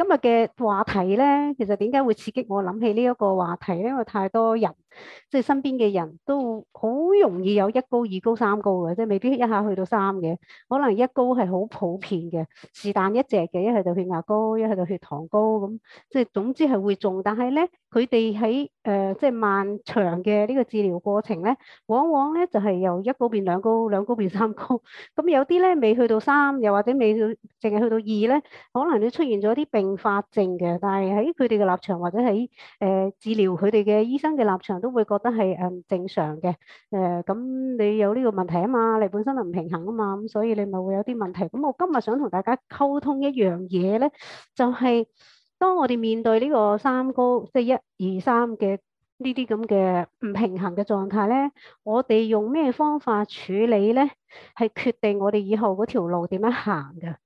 今日嘅話題呢，其實點解會刺激我諗起呢一個話題？因為太多人。即係身邊嘅人都好容易有一高二高三高嘅，即係未必一下去到三嘅，可能一高係好普遍嘅，是但一隻嘅，一係就血壓高，一係就血糖高咁，即係總之係會中。但係咧，佢哋喺誒即係漫長嘅呢個治療過程咧，往往咧就係由一高變兩高，兩高變三高。咁有啲咧未去到三，又或者未去淨係去到二咧，可能都出現咗啲併發症嘅。但係喺佢哋嘅立場，或者喺誒、呃、治療佢哋嘅醫生嘅立場都都會覺得係誒正常嘅，誒咁你有呢個問題啊嘛，你本身就唔平衡啊嘛，咁所以你咪會有啲問題。咁我今日想同大家溝通一樣嘢咧，就係當我哋面對呢個三高即係一二三嘅呢啲咁嘅唔平衡嘅狀態咧，我哋用咩方法處理咧，係決定我哋以後嗰條路點樣行噶。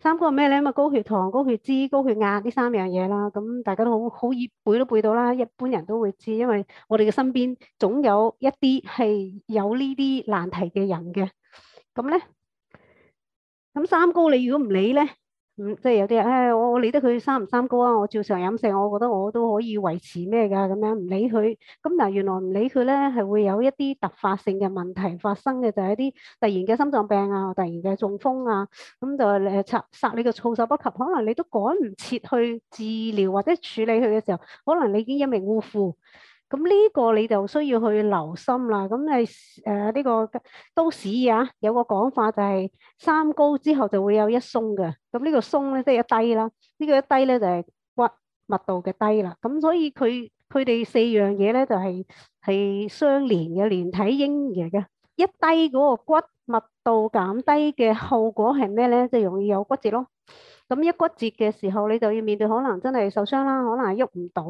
三高係咩咧？咁啊，高血糖、高血脂、高血壓呢三樣嘢啦，咁大家都好好易背都背到啦，一般人都會知，因為我哋嘅身邊總有一啲係有呢啲難題嘅人嘅，咁咧，咁三高你如果唔理咧？嗯，即係有啲人，我、哎、我理得佢三唔三高啊，我照常飲食，我覺得我都可以維持咩㗎咁樣，唔理佢。咁嗱，原來唔理佢咧，係會有一啲突發性嘅問題發生嘅，就係、是、一啲突然嘅心臟病啊，突然嘅中風啊，咁就誒殺殺你個措手不及，可能你都趕唔切去治療或者處理佢嘅時候，可能你已經一命嗚呼。咁呢個你就需要去留心啦。咁係誒呢個都市啊，有個講法就係、是、三高之後就會有一鬆嘅。咁呢個鬆咧即係一低啦。呢、這個一低咧就係、是、骨密度嘅低啦。咁所以佢佢哋四樣嘢咧就係、是、係相連嘅連體嬰兒嚟嘅。一低嗰個骨密度減低嘅後果係咩咧？即係容易有骨折咯。咁一骨折嘅時候，你就要面對可能真係受傷啦，可能係喐唔到。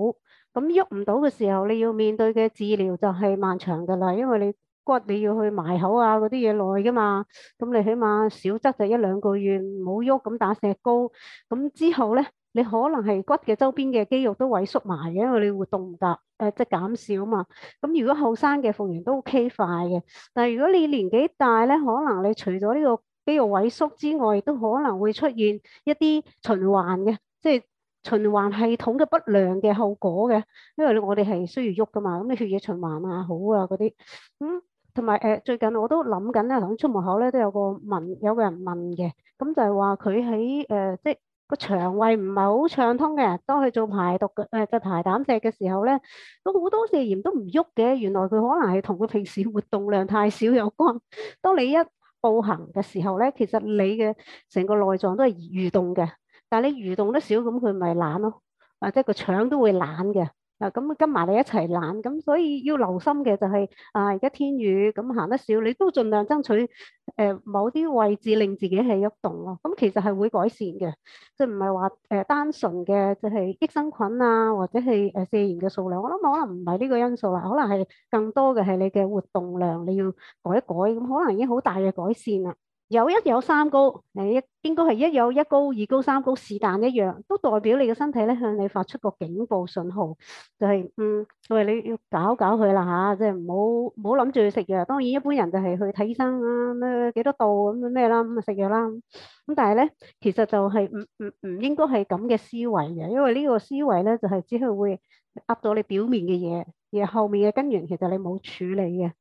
咁喐唔到嘅時候，你要面對嘅治療就係漫長嘅啦，因為你骨你要去埋口啊嗰啲嘢耐噶嘛。咁你起碼少則就一兩個月冇喐咁打石膏。咁之後咧，你可能係骨嘅周邊嘅肌肉都萎縮埋嘅，因為你活動唔達，誒，即係減少啊嘛。咁如果後生嘅復原，都 OK 快嘅，但係如果你年紀大咧，可能你除咗呢個肌肉萎縮之外，亦都可能會出現一啲循環嘅，即係。循環系統嘅不良嘅後果嘅，因為我哋係需要喐噶嘛，咁你血液循環啊好啊嗰啲，嗯，同埋誒最近我都諗緊啦，響出門口咧都有個問，有個人問嘅，咁就係話佢喺誒即係個腸胃唔係好暢通嘅，當佢做排毒嘅誒個排膽石嘅時候咧，咁好多腺炎，都唔喐嘅，原來佢可能係同佢平時活動量太少有關。當你一步行嘅時候咧，其實你嘅成個內臟都係蠕動嘅。但你蠕動得少，咁佢咪懶咯？或者個腸都會懶嘅。啊，咁跟埋你一齊懶，咁所以要留心嘅就係啊，而家天雨咁行得少，你都盡量爭取誒某啲位置令自己係喐動咯。咁其實係會改善嘅，即係唔係話誒單純嘅就係益生菌啊，或者係誒瀉鹽嘅數量，我諗可能唔係呢個因素啦，可能係更多嘅係你嘅活動量，你要改一改，咁可能已經好大嘅改善啦。有一有三高，誒，應該係一有一高，二高三高是但一樣，都代表你嘅身體咧向你發出個警報信號，就係嗯，喂，你要搞一搞佢啦吓，即係唔好唔好諗住去食藥。當然一般人就係去睇醫生啊，咩幾多度咁咩啦，咁啊食藥啦。咁但係咧，其實就係唔唔唔應該係咁嘅思維嘅，因為呢個思維咧就係只係會壓到你表面嘅嘢，而後面嘅根源其實你冇處理嘅。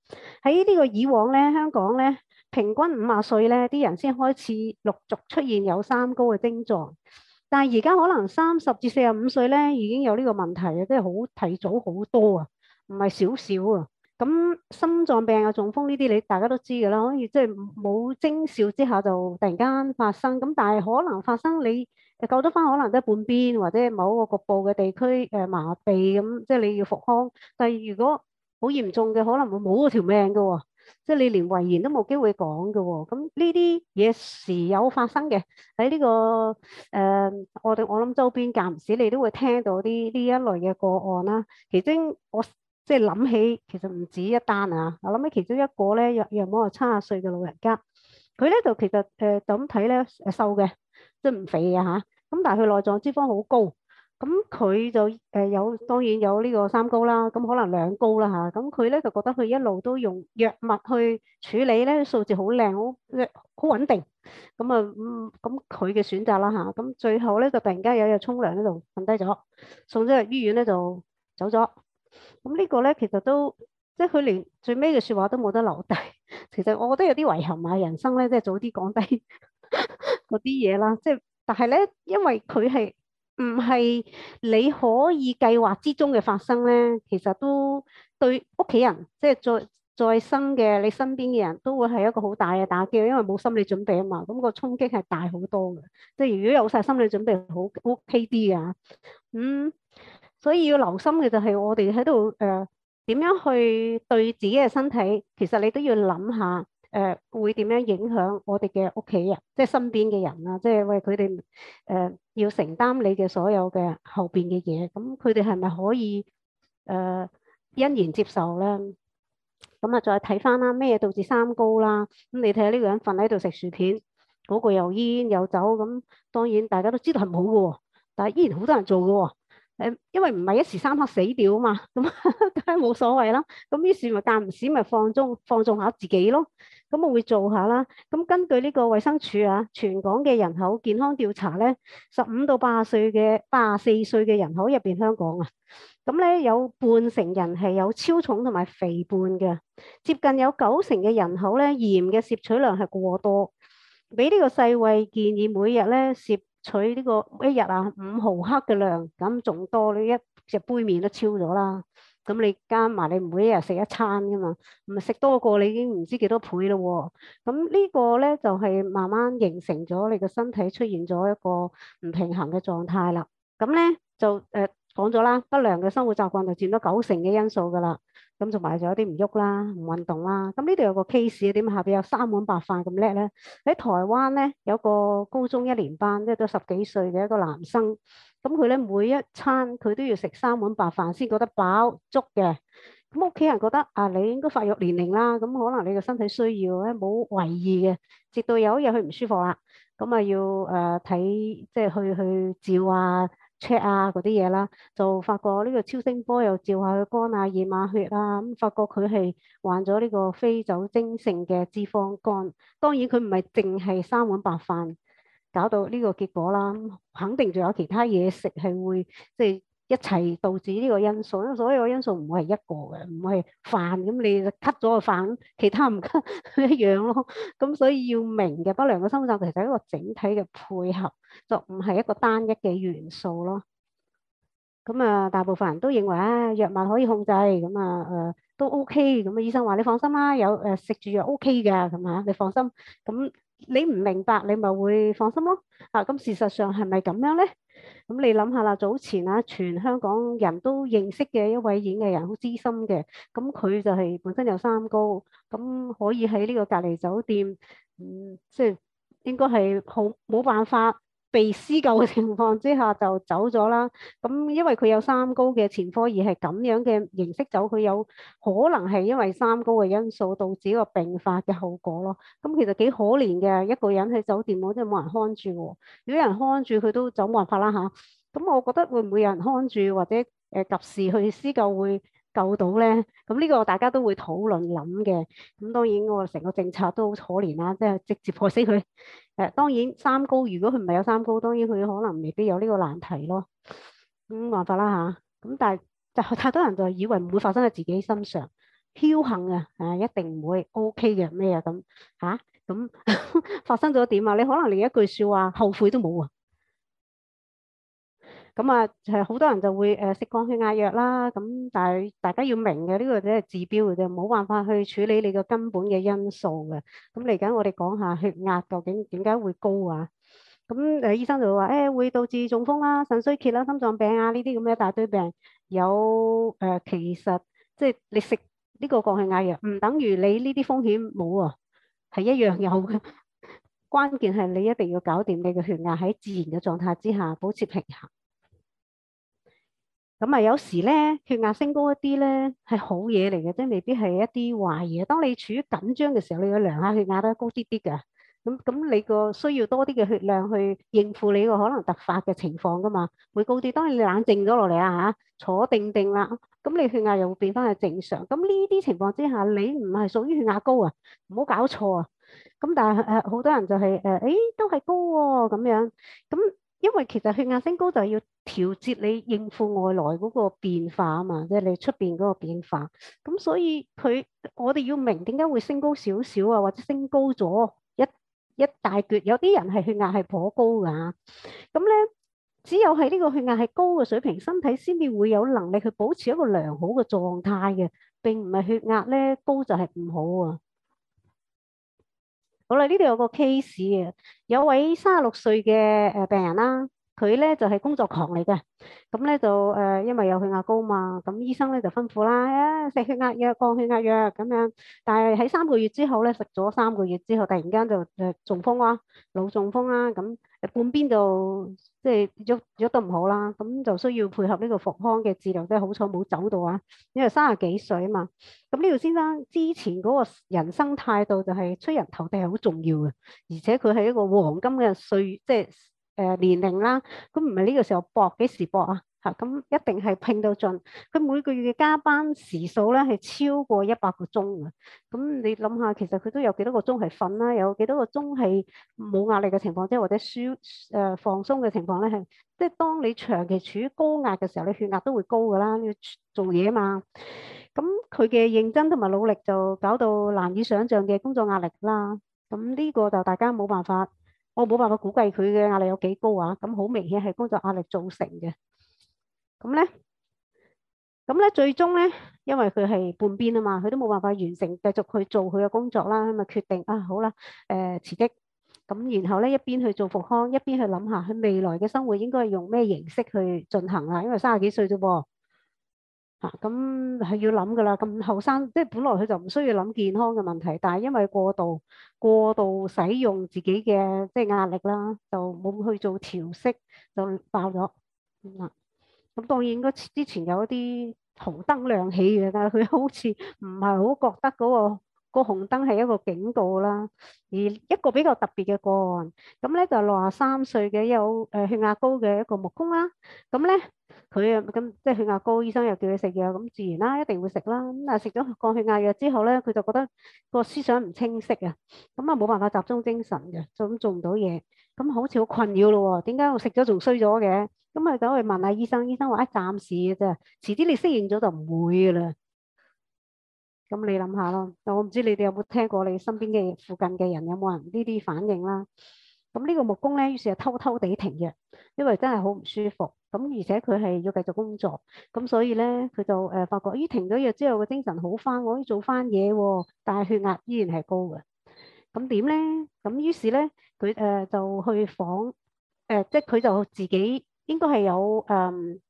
喺呢個以往咧，香港咧。平均五啊歲咧，啲人先開始陸續出現有三高嘅症狀，但係而家可能三十至四十五歲咧，已經有呢個問題啊，即係好提早好多啊，唔係少少啊。咁心臟病啊、中風呢啲，你大家都知噶啦，可以即係冇徵兆之下就突然間發生。咁但係可能發生你救得翻，可能都係半邊或者某個局部嘅地區誒麻痹咁，即係你要復康。但係如果好嚴重嘅，可能會冇條命噶喎。即係你連遺言都冇機會講嘅，哦，咁呢啲嘢時有發生嘅。喺呢、這個誒、呃，我哋我諗周邊間唔時你都會聽到啲呢一類嘅個案啦、啊。其中我即係諗起，其實唔止一單啊。我諗起其中一個咧，若若冇係七十歲嘅老人家，佢咧就其實誒、呃，就咁睇咧瘦嘅，即係唔肥啊。吓。咁但係佢內臟脂肪好高。咁佢就誒有，當然有呢個三高啦，咁可能兩高啦吓，咁佢咧就覺得佢一路都用藥物去處理咧，數字好靚，好即係好穩定。咁啊，咁佢嘅選擇啦吓，咁最後咧就突然間有日沖涼嗰就瞓低咗，送咗入醫院咧就走咗。咁呢個咧其實都即係佢連最尾嘅說話都冇得留低。其實我覺得有啲遺憾啊，人生咧即係早啲講低嗰啲嘢啦。即係，但係咧因為佢係。唔係你可以計劃之中嘅發生咧，其實都對屋企人，即係再再生嘅你身邊嘅人都會係一個好大嘅打擊，因為冇心理準備啊嘛，咁、個衝擊係大好多嘅。即係如果有晒心理準備，好 OK 啲啊。咁、嗯、所以要留心嘅就係我哋喺度誒，點、呃、樣去對自己嘅身體，其實你都要諗下。誒、呃，會點樣影響我哋嘅屋企人，即係身邊嘅人啦、啊？即係為佢哋誒，要承擔你嘅所有嘅後邊嘅嘢，咁佢哋係咪可以誒欣、呃、然接受咧？咁、嗯、啊，再睇翻啦，咩導致三高啦？咁、嗯、你睇下呢個人瞓喺度食薯片，嗰、那個又煙又酒，咁、嗯、當然大家都知道係唔好嘅，但係依然好多人做嘅、哦。誒，因為唔係一時三刻死掉啊嘛，咁梗係冇所謂啦。咁於是咪間唔時咪放縱放縱下自己咯。咁我會做下啦。咁、嗯、根據呢個衛生署啊，全港嘅人口健康調查咧，十五到八廿十歲嘅八廿四十四歲嘅人口入邊，香港啊，咁咧有半成人係有超重同埋肥胖嘅，接近有九成嘅人口咧鹽嘅攝取量係過多。俾呢個世衞建議每呢，每日咧攝取呢個一日啊五毫克嘅量，咁仲多你一隻杯麵都超咗啦。咁你加埋你每一日食一餐噶嘛，唔食多過你已經唔知幾多倍咯、啊。咁呢個咧就係、是、慢慢形成咗你個身體出現咗一個唔平衡嘅狀態啦。咁咧就誒。呃講咗啦，不良嘅生活習慣就佔咗九成嘅因素噶啦。咁同埋就有啲唔喐啦，唔運動啦。咁呢度有個 case，點下邊有三碗白飯咁叻咧？喺台灣咧，有個高中一年班，即係都十幾歲嘅一個男生。咁佢咧每一餐佢都要食三碗白飯先覺得飽足嘅。咁屋企人覺得啊，你應該發育年齡啦，咁可能你嘅身體需要咧冇為意嘅。直到有一日佢唔舒服啦，咁啊要誒睇、呃、即係去去照啊。check 啊嗰啲嘢啦，就發覺呢個超聲波又照下佢肝啊、血馬、啊、血啊，咁發覺佢係患咗呢個非酒精性嘅脂肪肝。當然佢唔係淨係三碗白飯搞到呢個結果啦，肯定仲有其他嘢食係會即係，就是一齊導致呢個因素，因為所有因素唔會係一個嘅，唔會係飯咁，你吸咗個飯，其他唔吸 一樣咯。咁所以要明嘅不良嘅心血管其實係一個整體嘅配合，就唔係一個單一嘅元素咯。咁啊、呃，大部分人都認為啊，藥物可以控制，咁啊，誒、呃、都 OK，咁啊，醫生話你放心啦，有誒食住藥 OK 㗎，咁啊你放心。咁你唔明白，你咪會放心咯。啊，咁事實上係咪咁樣咧？咁你諗下啦，早前啊，全香港人都認識嘅一位演藝人，好資深嘅，咁佢就係本身有三高，咁可以喺呢個隔離酒店，嗯，即係應該係好冇辦法。被施救嘅情況之下就走咗啦，咁因為佢有三高嘅前科，而係咁樣嘅形式走，佢有可能係因為三高嘅因素導致個病發嘅後果咯。咁其實幾可憐嘅一個人喺酒店嗰度冇人看住喎，如果有人看住佢都走冇辦法啦嚇。咁我覺得會唔會有人看住或者誒、呃、及時去施救會受到咧，咁、這、呢個大家都會討論諗嘅。咁當然我成個政策都好可憐啦，即係直接破死佢。誒當然三高，如果佢唔係有三高，當然佢可能未必有呢個難題咯。咁、嗯、辦法啦吓。咁、啊、但係就太多人就以為唔會發生喺自己身上，僥幸啊，誒一定唔會，O K 嘅咩啊咁嚇。咁、啊啊、 發生咗點啊？你可能連一句説話，後悔都冇啊！咁啊，係好、嗯、多人就會誒食、呃、降血壓藥啦。咁但係大家要明嘅，呢、這個只係治標嘅啫，冇辦法去處理你個根本嘅因素嘅。咁嚟緊我哋講下血壓究竟點解會高啊？咁、嗯、誒、呃、醫生就會話誒會導致中風啦、啊、腎衰竭啦、啊、心臟病啊呢啲咁嘅一大堆病。有誒、呃、其實即係、就是、你食呢個降血壓藥，唔等於你呢啲風險冇啊，係一樣有嘅。 關鍵係你一定要搞掂你嘅血壓喺自然嘅狀態之下保持平衡。咁啊，有時咧，血壓升高一啲咧，係好嘢嚟嘅，即係未必係一啲壞嘢。當你處於緊張嘅時候，你要量下血壓都高啲啲嘅。咁咁，你個需要多啲嘅血量去應付你個可能突發嘅情況噶嘛，會高啲。當你冷靜咗落嚟啊，吓坐定定啦，咁你血壓又會變翻係正常。咁呢啲情況之下，你唔係屬於血壓高啊，唔好搞錯啊。咁但係誒，好多人就係誒，誒都係高喎，咁樣咁。因為其實血壓升高就係要調節你應付外來嗰個變化啊嘛，即係你出邊嗰個變化。咁所以佢我哋要明點解會升高少少啊，或者升高咗一一大橛。有啲人係血壓係頗高噶，咁咧只有係呢個血壓係高嘅水平，身體先至會有能力去保持一個良好嘅狀態嘅，並唔係血壓咧高就係唔好啊。好啦，呢度有個 case 啊，有位三十六歲嘅誒病人啦，佢咧就係、是、工作狂嚟嘅，咁咧就誒、呃、因為有血壓高嘛，咁醫生咧就吩咐啦，誒、啊、食血壓藥、降血壓藥咁樣，但係喺三個月之後咧，食咗三個月之後，突然間就誒中風啊，腦中風啊咁。半邊就，即係郁郁得唔好啦，咁就需要配合呢個復康嘅治療。即係好彩冇走到啊，因為三十幾歲啊嘛。咁呢位先生之前嗰個人生態度就係出人頭地係好重要嘅，而且佢係一個黃金嘅歲即係誒、呃、年齡啦。咁唔係呢個時候搏，幾時搏啊？吓咁、嗯、一定係拼到盡，佢每個月嘅加班時數咧係超過一百個鐘嘅。咁你諗下，其實佢都有幾多個鐘係瞓啦，有幾多個鐘係冇壓力嘅情況，即係或者舒誒放鬆嘅情況咧，係即係當你長期處於高壓嘅時候，你血壓都會高噶啦，要做嘢嘛。咁佢嘅認真同埋努力就搞到難以想象嘅工作壓力啦。咁呢個就大家冇辦法，我冇辦法估計佢嘅壓力有幾高啊。咁好明顯係工作壓力造成嘅。咁咧，咁咧，最終咧，因為佢係半邊啊嘛，佢都冇辦法完成，繼續去做佢嘅工作啦，咁啊決定啊好啦，誒辭職，咁然後咧一邊去做復康，一邊去諗下佢未來嘅生活應該係用咩形式去進行啦，因為三十幾歲啫噃，吓咁係要諗噶啦，咁後生即係本來佢就唔需要諗健康嘅問題，但係因為過度過度使用自己嘅即係壓力啦，就冇去做調息，就爆咗咁啦。咁當然，應該之前有一啲紅燈亮起嘅，但係佢好似唔係好覺得嗰個，哦。個紅燈係一個警告啦，而一個比較特別嘅個案，咁咧就六啊三歲嘅有誒血壓高嘅一個木工啦，咁咧佢啊咁即係血壓高，醫生又叫佢食藥，咁自然啦，一定會食啦。咁但係食咗降血壓藥之後咧，佢就覺得個思想唔清晰啊，咁啊冇辦法集中精神嘅，就咁做唔到嘢，咁好似好困擾咯喎，點解我食咗仲衰咗嘅？咁啊走去問下醫生，醫生話一暫時嘅啫，遲啲你適應咗就唔會噶啦。咁你諗下咯，我唔知你哋有冇聽過，你身邊嘅附近嘅人有冇人呢啲反應啦？咁呢個木工咧，於是就偷偷地停藥，因為真係好唔舒服。咁而且佢係要繼續工作，咁所以咧，佢就誒發覺，咦，停咗藥之後個精神好翻，我可以做翻嘢喎，但係血壓依然係高嘅。咁點咧？咁於是咧，佢誒、呃、就去房，誒、呃，即係佢就自己應該係有誒。嗯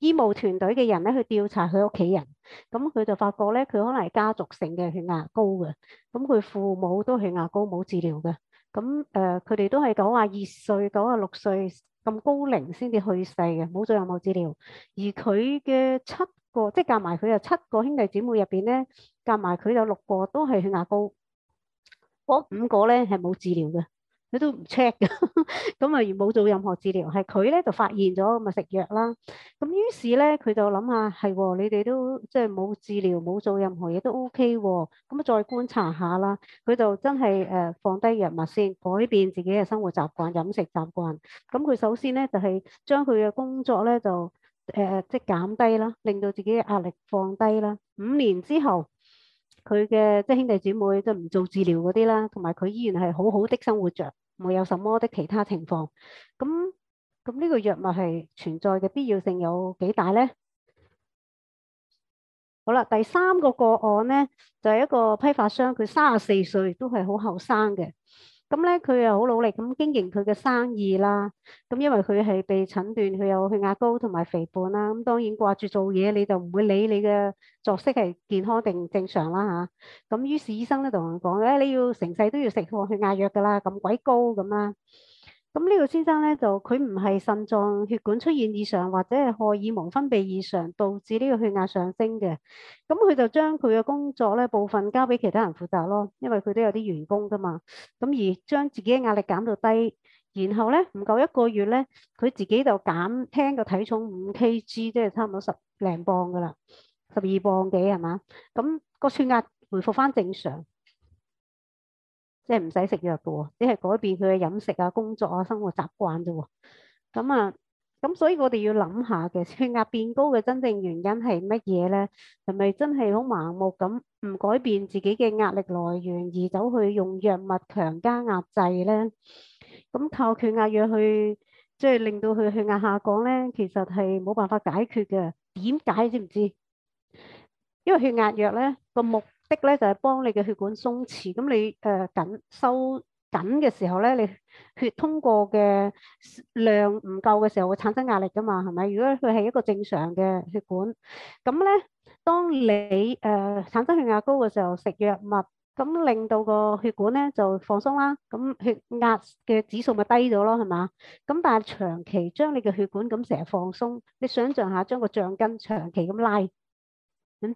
醫務團隊嘅人咧去調查佢屋企人，咁佢就發覺咧，佢可能係家族性嘅血壓高嘅，咁佢父母都血壓高，冇治療嘅，咁誒，佢、呃、哋都係九廿二歲、九廿六歲咁高齡先至去世嘅，冇做任何治療。而佢嘅七個，即係夾埋佢有七個兄弟姊妹入邊咧，夾埋佢有六個都係血壓高，嗰五個咧係冇治療嘅。佢都唔 check 嘅，咁啊冇做任何治療，係佢咧就發現咗，咪食藥啦。咁於是咧，佢就諗下，係喎、哦，你哋都即係冇治療，冇做任何嘢都 OK 喎、哦。咁啊，再觀察下啦。佢就真係誒、呃、放低藥物先，改變自己嘅生活習慣、飲食習慣。咁佢首先咧就係、是、將佢嘅工作咧就誒、呃、即係減低啦，令到自己嘅壓力放低啦。五年之後。佢嘅即係兄弟姊妹都唔做治療嗰啲啦，同埋佢依然係好好的生活着，冇有什麼的其他情況。咁咁呢個藥物係存在嘅必要性有幾大咧？好啦，第三個個案咧就係一個批發商，佢三十四歲，都係好後生嘅。咁咧，佢又好努力咁經營佢嘅生意啦。咁因為佢係被診斷，佢有血壓高同埋肥胖啦。咁當然掛住做嘢，你就唔會理你嘅作息係健康定正常啦嚇。咁、啊、於是醫生咧同佢講：誒、哎、你要成世都要食血壓藥㗎啦，咁鬼高咁啦。咁呢個先生咧就佢唔係腎臟血管出現異常，或者係荷爾蒙分泌異常導致呢個血壓上升嘅。咁佢就將佢嘅工作咧部分交俾其他人負責咯，因為佢都有啲員工噶嘛。咁而將自己嘅壓力減到低，然後咧唔夠一個月咧，佢自己就減輕個體重五 Kg，即係差唔多十零磅噶啦，十二磅幾係嘛？咁個血壓回復翻正常。即係唔使食藥㗎喎，只係改變佢嘅飲食啊、工作啊、生活習慣啫喎。咁啊，咁所以我哋要諗下嘅血壓變高嘅真正原因係乜嘢咧？係咪真係好盲目咁唔改變自己嘅壓力來源，而走去用藥物強加壓制咧？咁靠血壓藥去即係令到佢血壓下降咧，其實係冇辦法解決嘅。點解？知唔知？因為血壓藥咧個目的咧就係幫你嘅血管鬆弛，咁你誒緊收緊嘅時候咧，你血通過嘅量唔夠嘅時候會產生壓力㗎嘛，係咪？如果佢係一個正常嘅血管，咁咧當你誒產生血壓高嘅時候食藥物，咁令到個血管咧就放鬆啦，咁血壓嘅指數咪低咗咯，係嘛？咁但係長期將你嘅血管咁成日放鬆，你想象下將個橡筋長期咁拉，咁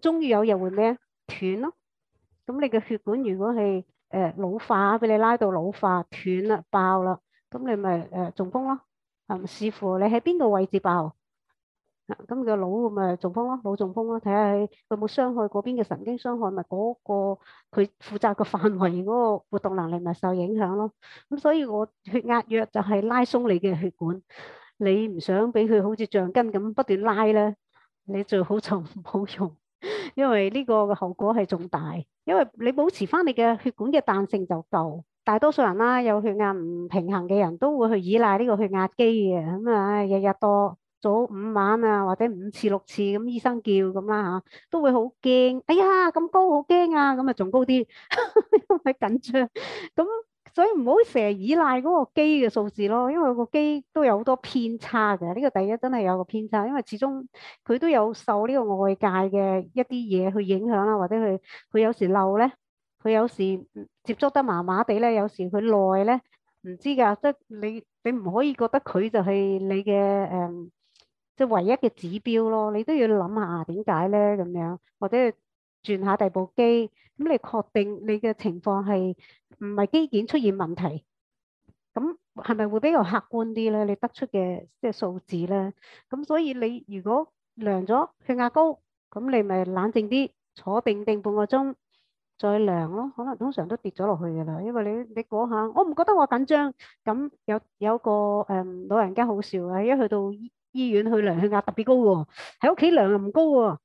終於有日會咩啊？斷咯！咁你嘅血管如果係誒老化，俾你拉到老化斷啦爆啦，咁你咪誒中風咯。啊，視乎你喺邊個位置爆，咁你個腦咪中風咯，腦中風咯。睇下佢有冇傷害嗰邊嘅神經，傷害咪嗰個佢負責嘅範圍嗰個活動能力咪受影響咯。咁所以我血壓藥就係拉松你嘅血管，你唔想俾佢好似橡筋咁不斷拉咧，你最好就唔好用。因為呢個嘅後果係重大，因為你保持翻你嘅血管嘅彈性就夠。大多數人啦、啊，有血壓唔平衡嘅人都會去依賴呢個血壓機嘅，咁、嗯、啊，日日多早五晚啊，或者五次六次，咁醫生叫咁啦吓，都會好驚。哎呀，咁高好驚啊，咁啊仲高啲，因為緊張咁。所以唔好成日依賴嗰個機嘅數字咯，因為個機都有好多偏差嘅。呢個第一真係有個偏差，因為始終佢都有受呢個外界嘅一啲嘢去影響啦，或者佢佢有時漏咧，佢有時接觸得麻麻地咧，有時佢耐咧唔知㗎，即係你你唔可以覺得佢就係你嘅誒，即係唯一嘅指標咯。你都要諗下點解咧咁樣，或者。轉下第二部機，咁你確定你嘅情況係唔係機件出現問題？咁係咪會比較客觀啲咧？你得出嘅即係數字咧？咁所以你如果量咗血壓高，咁你咪冷靜啲，坐定定半個鐘再量咯。可能通常都跌咗落去噶啦。因為你你講下，我唔覺得我緊張。咁有有個誒老人家好笑啊，一去到醫醫院去量血壓特別高喎，喺屋企量又唔高喎。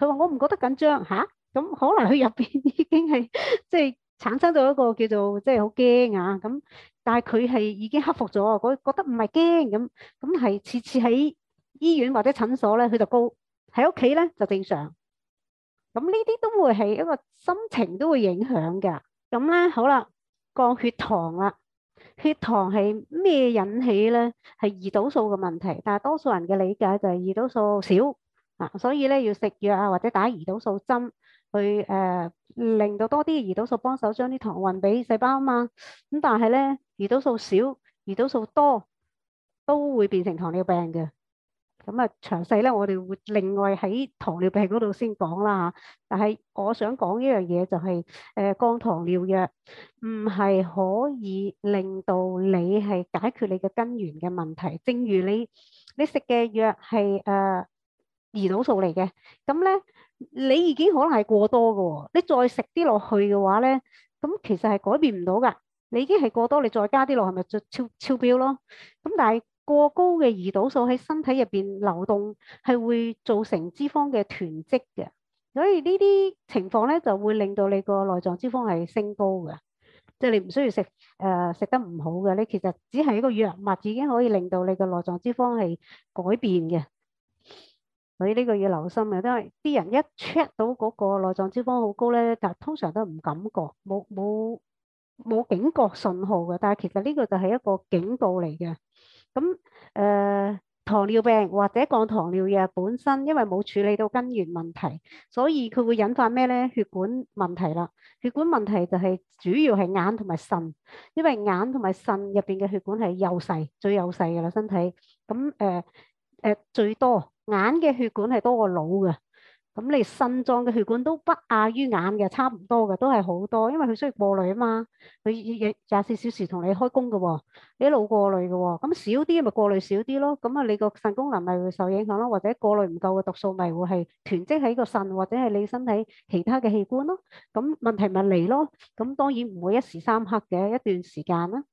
佢話：我唔覺得緊張吓，咁可能佢入邊已經係即係產生咗一個叫做即係好驚啊咁，但係佢係已經克服咗，佢覺得唔係驚咁，咁係次次喺醫院或者診所咧，佢就高，喺屋企咧就正常。咁呢啲都會係一個心情都會影響㗎。咁咧好啦，降血糖啦，血糖係咩引起咧？係胰島素嘅問題，但係多數人嘅理解就係胰島素少。啊，所以咧要食藥啊，或者打胰島素針去誒、呃，令到多啲胰島素幫手將啲糖運俾細胞啊嘛。咁、嗯、但係咧，胰島素少，胰島素多都會變成糖尿病嘅。咁、嗯、啊，詳細咧我哋會另外喺糖尿病嗰度先講啦吓。但係我想講一樣嘢就係、是，誒、呃、降糖尿藥唔係可以令到你係解決你嘅根源嘅問題。正如你你食嘅藥係誒。呃胰島素嚟嘅，咁咧你已經可能係過多噶，你再食啲落去嘅話咧，咁其實係改變唔到噶，你已經係過多，你再加啲落係咪就超超標咯？咁但係過高嘅胰島素喺身體入邊流動係會造成脂肪嘅囤積嘅，所以呢啲情況咧就會令到你個內臟脂肪係升高嘅，即係你唔需要食誒食得唔好嘅，你其實只係一個藥物已經可以令到你嘅內臟脂肪係改變嘅。所以呢個要留心，因為啲人一 check 到嗰個內臟脂肪好高咧，但係通常都唔感覺，冇冇冇警覺信號嘅。但係其實呢個就係一個警告嚟嘅。咁誒糖尿病或者講糖尿藥本身，因為冇處理到根源問題，所以佢會引發咩咧？血管問題啦。血管問題就係主要係眼同埋腎，因為眼同埋腎入邊嘅血管係幼細，最幼細嘅啦，身體。咁誒誒最多。眼嘅血管係多過腦嘅，咁你腎臟嘅血管都不亞於眼嘅，差唔多嘅，都係好多，因為佢需要過濾啊嘛，佢廿四小時同你開工嘅，一路過濾嘅，咁少啲咪過濾少啲咯，咁啊你個腎功能咪會受影響咯，或者過濾唔夠嘅毒素咪會係囤積喺個腎，或者係你身體其他嘅器官咯，咁問題咪嚟咯，咁當然唔會一時三刻嘅，一段時間啦，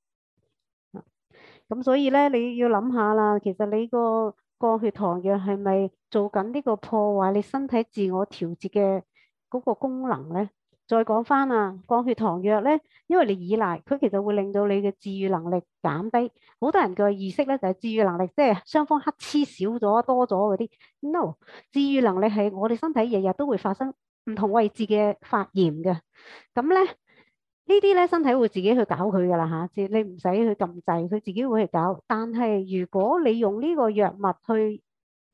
咁所以咧，你要諗下啦，其實你個。降血糖藥係咪做緊呢個破壞你身體自我調節嘅嗰個功能咧？再講返啊，降血糖藥咧，因為你依賴，佢其實會令到你嘅治愈能力減低。好多人嘅意識咧就係治愈能力，即係雙方黑黐少咗多咗嗰啲。No，治愈能力係我哋身體日日都會發生唔同位置嘅發炎嘅。咁咧。呢啲咧，身體會自己去搞佢噶啦嚇，你唔使去撳掣，佢自己會去搞。但係如果你用呢個藥物去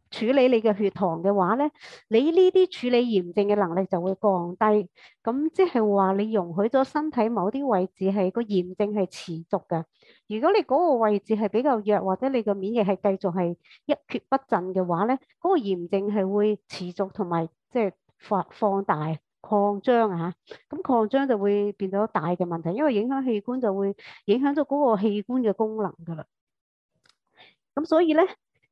處理你嘅血糖嘅話咧，你呢啲處理炎症嘅能力就會降低。咁即係話你容許咗身體某啲位置係、個炎症係持續嘅。如果你嗰個位置係比較弱，或者你個免疫力係繼續係一蹶不振嘅話咧，嗰個炎症係會持續同埋即係放放大。擴張啊吓，咁擴張就會變咗大嘅問題，因為影響器官就會影響到嗰個器官嘅功能噶啦。咁所以咧，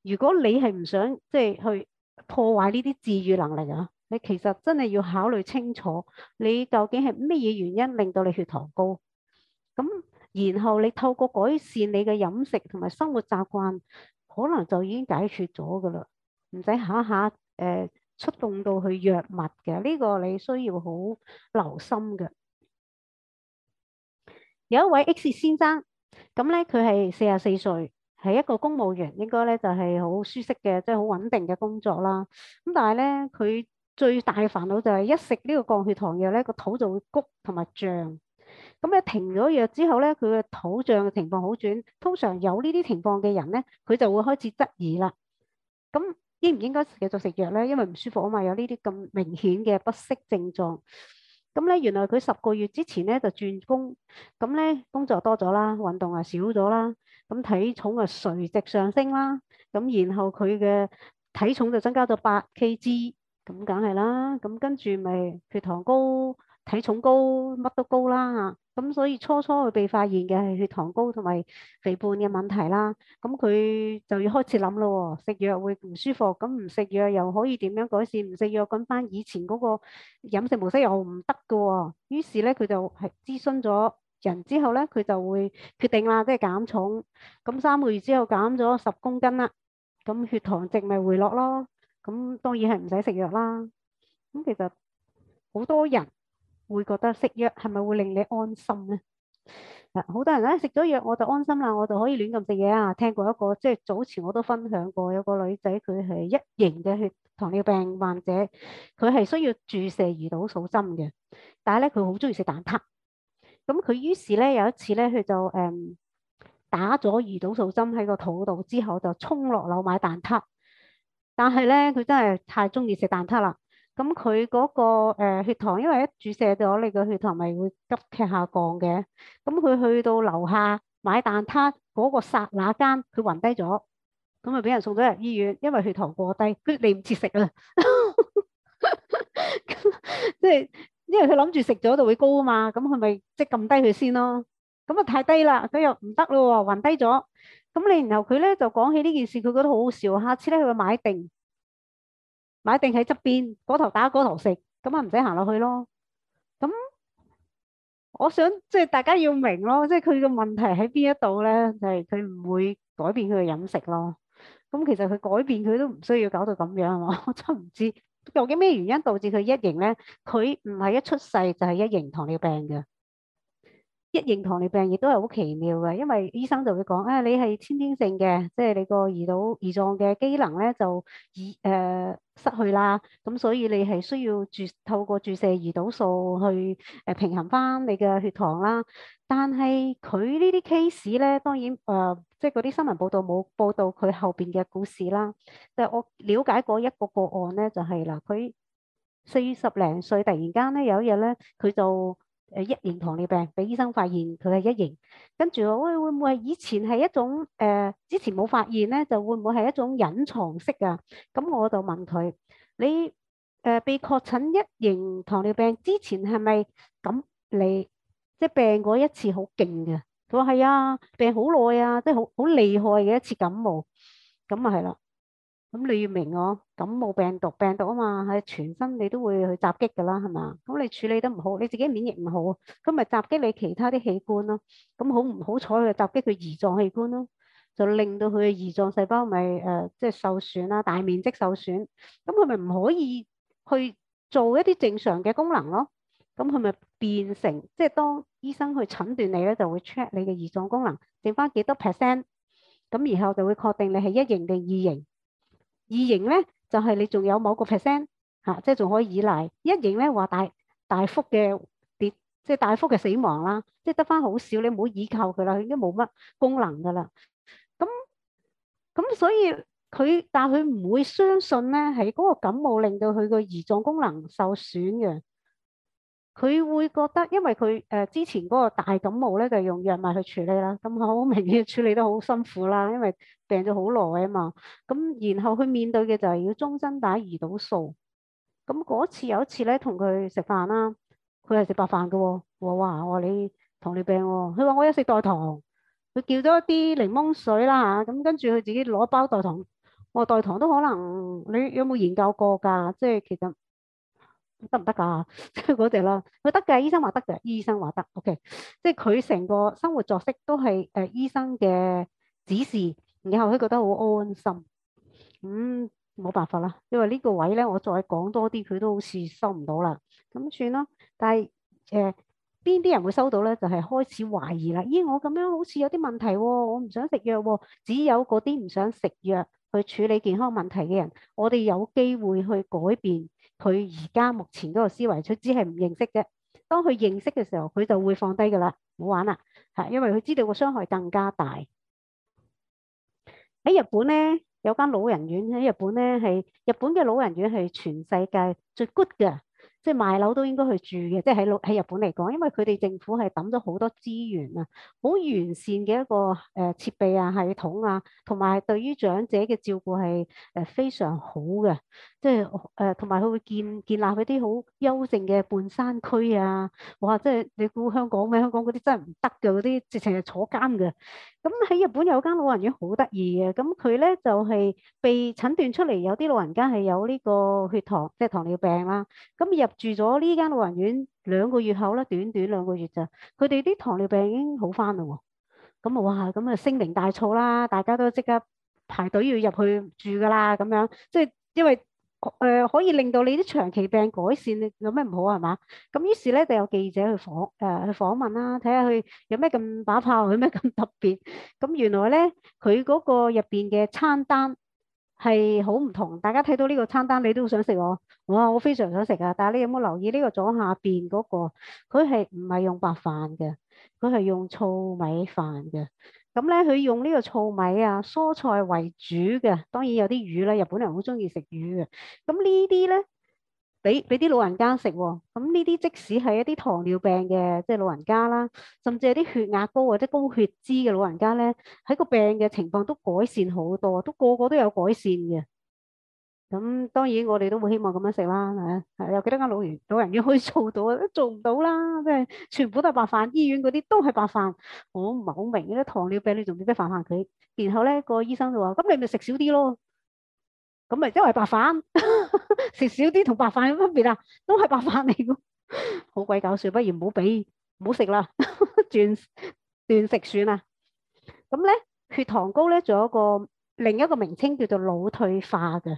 如果你係唔想即係、就是、去破壞呢啲治癒能力啊,你其實真係要考慮清楚,你究竟係咩嘢原因令到你血糖高？咁然後你透過改善你嘅飲食同埋生活習慣,可能就已經解決咗噶啦,唔使下下誒。呃出動到去藥物嘅呢個，你需要好留心嘅。有一位 X 先生，咁咧佢係四十四歲，係一個公務員，應該咧就係好舒適嘅，即係好穩定嘅工作啦。咁但係咧，佢最大嘅煩惱就係一食呢個降血糖藥咧，個肚就會谷同埋脹。咁咧停咗藥之後咧，佢嘅肚脹嘅情況好轉。通常有呢啲情況嘅人咧，佢就會開始質疑啦。咁應唔應該繼續食藥呢？因為唔舒服啊嘛，有呢啲咁明顯嘅不適症狀。咁、嗯、咧，原來佢十個月之前咧就轉工，咁、嗯、咧工作多咗啦，運動啊少咗啦，咁、嗯、體重就垂直上升啦，咁、嗯、然後佢嘅體重就增加咗八 Kg，咁、嗯、梗係啦，咁、嗯、跟住咪血糖高、體重高，乜都高啦。咁所以初初佢被發現嘅係血糖高同埋肥胖嘅問題啦。咁佢就要開始諗咯、哦，食藥會唔舒服，咁唔食藥又可以點樣改善？唔食藥咁返以前嗰個飲食模式又唔得嘅喎。於是咧佢就係諮詢咗人之後咧，佢就會決定啦，即係減重。咁三個月之後減咗十公斤啦，咁血糖值咪回落咯。咁當然係唔使食藥啦。咁其實好多人，會覺得食藥係咪會令你安心咧？嗱，好多人咧食咗藥我就安心啦，我就可以亂咁食嘢啊！聽過一個，即係早前我都分享過，有個女仔佢係一型嘅血糖尿病患者，佢係需要注射胰島素針嘅，但係咧佢好中意食蛋撻，咁佢於是咧有一次咧，佢就誒、嗯、打咗胰島素針喺個肚度之後，就衝落樓買蛋撻，但係咧佢真係太中意食蛋撻啦。咁佢嗰個誒、呃、血糖，因為一注射咗，你個血糖咪會急劇下降嘅。咁佢去到樓下買蛋撻嗰，那個剎那間，佢暈低咗，咁啊俾人送咗入醫院，因為血糖過低，佢嚟唔切食啦。即 係 因為佢諗住食咗就會高啊嘛，咁佢咪即係撳低佢先咯。咁啊太低啦，咁又唔得咯，暈低咗。咁你然後佢咧就講起呢件事，佢覺得好好笑，下次咧佢會買定。買定喺側邊，嗰頭打嗰頭食，咁啊唔使行落去咯。咁我想即係大家要明咯，即係佢嘅問題喺邊一度咧，就係佢唔會改變佢嘅飲食咯。咁其實佢改變佢都唔需要搞到咁樣，我真唔知究竟咩原因導致佢一型咧。佢唔係一出世就係一型糖尿病嘅。一型糖尿病亦都係好奇妙嘅，因為醫生就會講啊、哎，你係先天性嘅，即係你個胰島胰臟嘅機能咧就已誒、呃、失去啦，咁所以你係需要注透過注射胰島素去誒平衡翻你嘅血糖啦。但係佢呢啲 case 咧，當然誒，即係嗰啲新聞報道冇報道佢後邊嘅故事啦。但係我了解過一個個案咧，就係、是、啦，佢四十零歲突然間咧有一日咧，佢就。誒，一型糖尿病俾醫生發現佢係一型，跟住我，會唔會以前係一種誒、呃，之前冇發現咧，就會唔會係一種隱藏式噶？咁我就問佢：你誒、呃、被確診一型糖尿病之前係咪咁，即係病過一次好勁嘅？佢話係啊，病好耐啊，即係好好厲害嘅一次感冒，咁啊係啦。咁你要明我、哦、感冒病毒病毒啊嘛，係全身你都會去襲擊㗎啦，係嘛？咁你處理得唔好，你自己免疫唔好，咁咪襲擊你其他啲器官咯、啊。咁好唔好彩嘅襲擊佢胰臟器官咯、啊，就令到佢嘅胰臟細胞咪誒即係受損啦、啊，大面積受損。咁佢咪唔可以去做一啲正常嘅功能咯、啊。咁佢咪變成即係、就是、當醫生去診斷你咧，就會 check 你嘅胰臟功能剩翻幾多 percent。咁然後就會確定你係一型定二型。二型咧就係、是、你仲有某個 percent 嚇、啊，即係仲可以依賴。一型咧話大大幅嘅跌，即係大幅嘅死亡啦，即係得翻好少，你唔好依靠佢啦，佢已經冇乜功能噶啦。咁咁所以佢但係佢唔會相信咧，係嗰個感冒令到佢個胰臟功能受損嘅。佢會覺得，因為佢誒之前嗰個大感冒咧，就係用藥物去處理啦。咁好明顯處理得好辛苦啦，因為病咗好耐啊嘛。咁然後佢面對嘅就係要終身打胰島素。咁嗰次有一次咧，同佢食飯啦，佢係食白飯嘅喎。我話我話你糖尿病喎，佢話我有食代糖。佢叫咗一啲檸檬水啦嚇，咁跟住佢自己攞包代糖。我話代糖都可能你有冇研究過㗎？即係其實。得唔得噶？即係嗰隻囉，佢得㗎，醫生話得㗎，醫生話得。O、okay. K，即係佢成個生活作息都係誒、呃、醫生嘅指示，然後佢覺得好安心。咁、嗯、冇辦法啦，因為呢個位咧，我再講多啲，佢都好似收唔到啦。咁算啦。但係誒，邊、呃、啲人會收到咧？就係、是、開始懷疑啦。咦，我咁樣好似有啲問題、哦，我唔想食藥、哦。只有嗰啲唔想食藥去處理健康問題嘅人，我哋有機會去改變。佢而家目前嗰個思維，佢只係唔認識嘅。當佢認識嘅時候，佢就會放低噶啦，唔好玩啦嚇，因為佢知道個傷害更加大。喺日本咧，有間老人院，喺日本咧係日本嘅老人院係全世界最 good 嘅。即係賣樓都應該去住嘅，即係喺喺日本嚟講，因為佢哋政府係抌咗好多資源啊，好完善嘅一個誒設備啊系統啊，同埋對於長者嘅照顧係誒非常好嘅。即係誒同埋佢會建建立嗰啲好優勝嘅半山區啊！哇！即係你估香港咩？香港嗰啲真係唔得嘅，嗰啲直情係坐監嘅。咁喺日本有間老人院好得意嘅，咁佢咧就係、是、被診斷出嚟有啲老人家係有呢個血糖即係、就是、糖尿病啦、啊。咁日住咗呢間老人院兩個月後啦，短短兩個月咋，佢哋啲糖尿病已經好翻啦喎！咁啊，哇！咁啊，聲名大噪啦，大家都即刻排隊要入去住噶啦，咁樣即係因為誒、呃、可以令到你啲長期病改善，有咩唔好係嘛？咁於是咧就有記者去訪誒去訪問啦，睇下佢有咩咁把炮，有咩咁特別。咁、嗯、原來咧佢嗰個入邊嘅餐單，係好唔同，大家睇到呢個餐單，你都想食喎？哇，我非常想食啊！但係你有冇留意呢個左下邊嗰個？佢係唔係用白飯嘅？佢係用糙米飯嘅。咁咧，佢用呢個糙米啊，蔬菜為主嘅。當然有啲魚啦，日本人好中意食魚嘅。咁呢啲咧。俾俾啲老人家食喎，哦，咁呢啲即使係一啲糖尿病嘅即係老人家啦，甚至係啲血壓高或者高血脂嘅老人家咧，喺個病嘅情況都改善好多，都個個都有改善嘅。咁當然我哋都會希望咁樣食啦，嚇，有幾多間老人老人院可以做到啊？都做唔到啦，即係全部都係白飯，醫院嗰啲都係白飯，我唔係好明嘅。啲糖尿病你仲點樣飯飯佢？然後咧個醫生就話，咁你咪食少啲咯。咁咪都係白飯，食 少啲同白飯有分別啊，都係白飯嚟嘅，好 鬼搞笑。不如唔好俾，唔好食啦， 斷斷食算啦。咁咧，血糖高咧，仲有一個另一個名稱叫做腦退化嘅。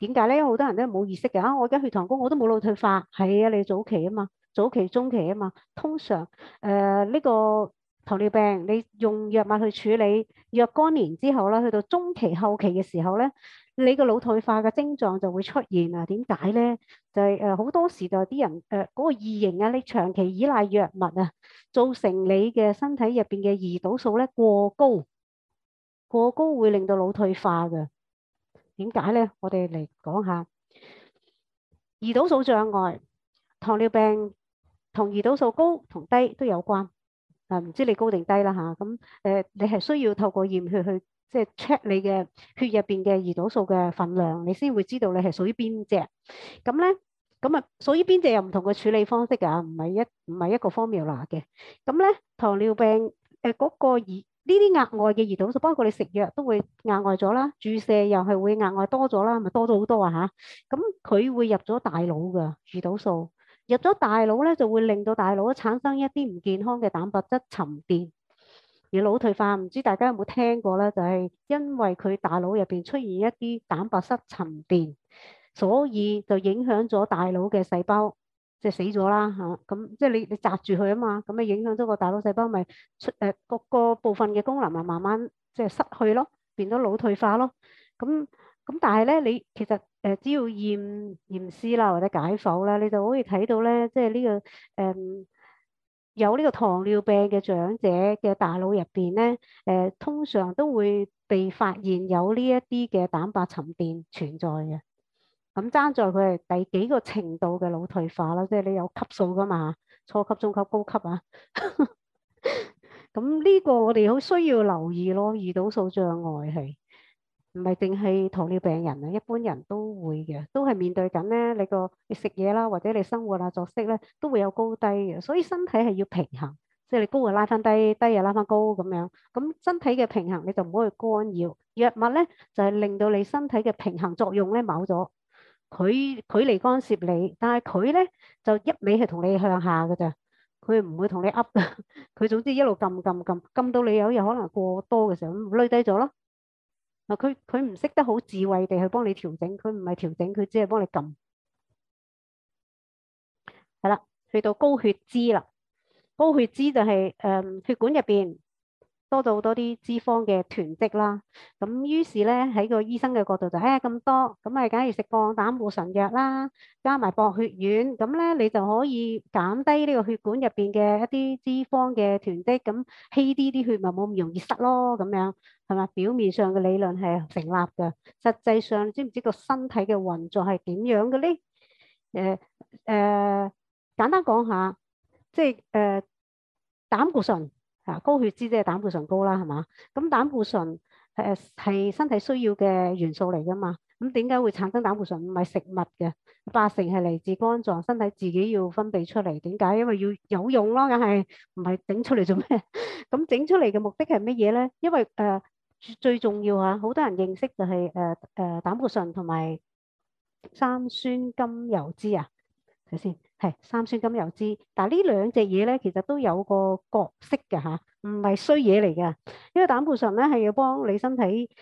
點解咧？好多人都冇意識嘅啊！我而家血糖高，我都冇腦退化，係啊，你早期啊嘛，早期中期啊嘛。通常誒呢、呃這個糖尿病，你用藥物去處理，若干年之後咧，去到中期、後期嘅時候咧。你個腦退化嘅症狀就會出現啊。點解呢？就係誒好多時代啲人誒嗰、呃那個異形啊，你長期依賴藥物啊，造成你嘅身體入邊嘅胰島素咧過高，過高會令到腦退化嘅。點解呢？我哋嚟講下胰島素障礙、糖尿病同胰島素高同低都有關。誒、啊、唔知你高定低啦吓？咁、啊、誒、呃、你係需要透過驗血去。即係 check 你嘅血入邊嘅胰島素嘅份量，你先會知道你係屬於邊隻。咁咧，咁啊，屬於邊隻有唔同嘅處理方式噶，唔係一唔係一個 formula 嘅。咁咧，糖尿病誒嗰、呃那個額胰呢啲額外嘅胰島素，包括你食藥都會額外咗啦，注射又係會額外多咗啦，咪多咗好多啊吓。咁佢會入咗大腦噶胰島素，入咗大腦咧就會令到大腦產生一啲唔健康嘅蛋白質沉澱。而腦退化唔知大家有冇聽過咧？就係、是、因為佢大腦入邊出現一啲蛋白質沉澱，所以就影響咗大腦嘅細胞，就是啊嗯、即係死咗啦嚇。咁即係你你擳住佢啊嘛，咁、嗯、咪影響咗個大腦細胞，咪、就是、出誒、呃、各個部分嘅功能慢慢即係、就是、失去咯，變咗腦退化咯。咁、嗯、咁、嗯、但係咧，你其實誒、呃、只要驗驗屍啦或者解剖啦，你就可以睇到咧，即係呢、這個誒。嗯有呢個糖尿病嘅長者嘅大腦入邊咧，誒、呃，通常都會被發現有呢一啲嘅蛋白沉澱存在嘅。咁、嗯、爭在佢係第幾個程度嘅腦退化啦，即係你有級數噶嘛，初級、中級、高級啊。咁 呢、嗯這個我哋好需要留意咯，胰島素障礙係。唔係淨係糖尿病人啊，一般人都會嘅，都係面對緊咧。你個你食嘢啦，或者你生活啦、作息咧，都會有高低嘅。所以身體係要平衡，即係你高啊拉翻低，低又拉翻高咁樣。咁身體嘅平衡你就唔好去干擾。藥物咧就係令到你身體嘅平衡作用咧冇咗，佢佢嚟干涉你，但係佢咧就一味係同你向下㗎咋，佢唔會同你 up 㗎。佢總之一路撳撳撳，撳到你有有可能過多嘅時候，累低咗咯。啊，佢佢唔識得好智慧地去幫你調整，佢唔係調整，佢只係幫你撳。係啦，去到高血脂啦，高血脂就係、是、誒、嗯、血管入邊。多咗好多啲脂肪嘅囤積啦，咁於是咧喺個醫生嘅角度就，哎咁多，咁咪梗係食降膽固醇藥啦，加埋薄血丸，咁咧你就可以減低呢個血管入邊嘅一啲脂肪嘅囤積，咁稀啲啲血咪冇咁容易塞咯，咁樣係嘛？表面上嘅理論係成立嘅，實際上你知唔知個身體嘅運作係點樣嘅咧？誒、呃、誒、呃，簡單講下，即係誒、呃、膽固醇。啊，高血脂即係膽固醇高啦，係嘛？咁膽固醇誒係身體需要嘅元素嚟噶嘛？咁點解會產生膽固醇？唔係食物嘅，八成係嚟自肝臟，身體自己要分泌出嚟。點解？因為要有用咯，梗係唔係整出嚟做咩？咁 整出嚟嘅目的係乜嘢咧？因為誒、呃、最重要啊，好多人認識就係誒誒膽固醇同埋三酸甘油脂啊，睇先。係三酸甘油脂，但係呢兩隻嘢咧，其實都有個角色嘅吓，唔係衰嘢嚟㗎。因為膽固醇咧係要幫你身體誒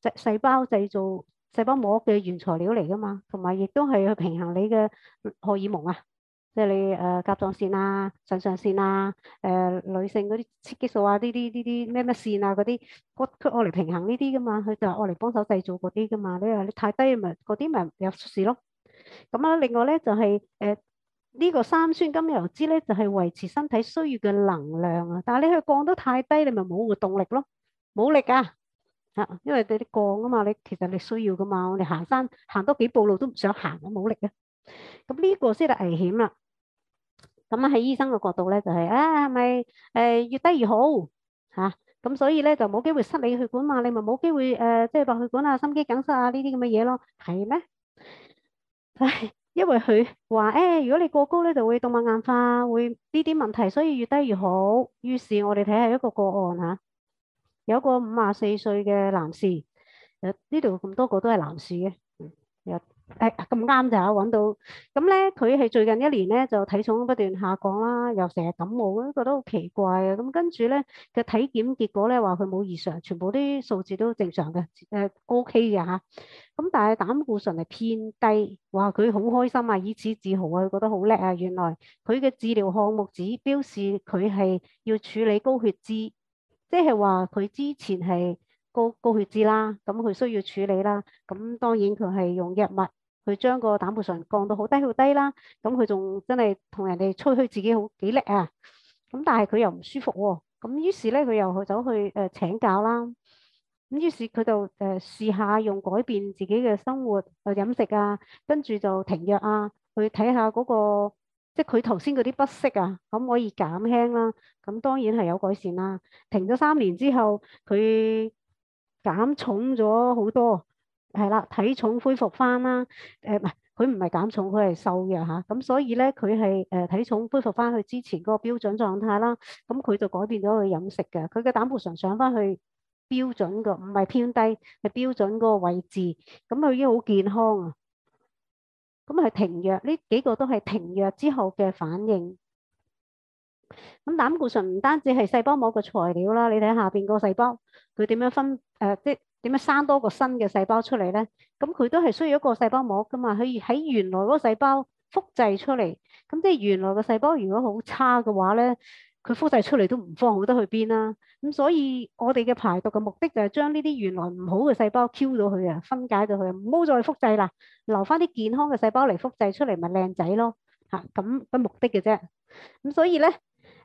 製細胞製造細胞膜嘅原材料嚟噶嘛，同埋亦都係去平衡你嘅荷爾蒙啊，即係你誒甲狀腺啊、腎上腺啊、誒、呃、女性嗰啲雌激素啊、呢啲呢啲咩咩腺啊嗰啲，佢佢攞嚟平衡呢啲噶嘛，佢就係攞嚟幫手製造嗰啲噶嘛。你話你太低咪嗰啲咪有出事咯。咁啊、就係，另外咧就係、係、誒。呃呢個三酸甘油酯咧就係維持身體需要嘅能量啊，但係你去降得太低，你咪冇活動力咯，冇力啊，吓，因為你啲降啊嘛，你其實你需要噶嘛，我哋行山行多幾步路都唔想行啊，冇力啊，咁呢個先係危險啦。咁啊喺醫生嘅角度咧就係啊係咪誒越低越好吓，咁所以咧就冇機會塞你血管嘛，你咪冇機會誒即係話血管啊心肌梗塞啊呢啲咁嘅嘢咯，係咩？唉因為佢話，哎，如果你過高咧，就會動脈硬化，會呢啲問題，所以越低越好。於是我哋睇下一個個案，有個五十四歲嘅男士，誒呢度咁多個都係男士嘅。誒，咁啱就搵到，咁咧佢係最近一年咧就體重不斷下降啦，又成日感冒，都覺得好奇怪啊。咁跟住咧嘅體檢結果咧話佢冇異常，全部啲數字都正常嘅，誒 O K 嘅吓。咁、okay 啊、但係膽固醇係偏低，哇！佢好開心啊，以此自豪啊，佢覺得好叻啊。原來佢嘅治療項目指標示是佢係要處理高血脂，即係話佢之前係高高血脂啦，咁佢需要處理啦。咁當然佢係用藥物。佢將個膽固醇降到好低好低啦，咁佢仲真係同人哋吹噓自己好幾叻啊，咁但係佢又唔舒服喎、啊，咁於是咧佢又去走去誒、呃、請教啦，咁於是佢就誒、呃、試下用改變自己嘅生活誒、呃、飲食啊，跟住就停藥啊，去睇下嗰個即係佢頭先嗰啲不適啊，咁可以減輕啦，咁當然係有改善啦，停咗三年之後佢減重咗好多。係啦，體重恢復翻啦，誒唔係，佢唔係減重，佢係瘦藥吓，咁、啊嗯、所以咧佢係誒體重恢復翻去之前嗰個標準狀態啦，咁佢就改變咗佢飲食嘅，佢嘅膽固醇上翻去標準噶，唔係偏低，係標準嗰個位置，咁佢已經好健康啊，咁係停藥，呢幾個都係停藥之後嘅反應，咁膽固醇唔單止係細胞膜嘅材料啦，你睇下邊個細胞佢點樣分誒、呃、即。點樣生多個新嘅細胞出嚟咧？咁佢都係需要一個細胞膜噶嘛？佢喺原來嗰個細胞複製出嚟，咁即係原來個細胞如果好差嘅話咧，佢複製出嚟都唔方，好得去邊啦？咁所以我哋嘅排毒嘅目的就係將呢啲原來唔好嘅細胞 Q 咗佢啊，分解咗佢，唔好再複製啦，留翻啲健康嘅細胞嚟複製出嚟，咪靚仔咯吓，咁、啊、嘅目的嘅啫。咁所以咧，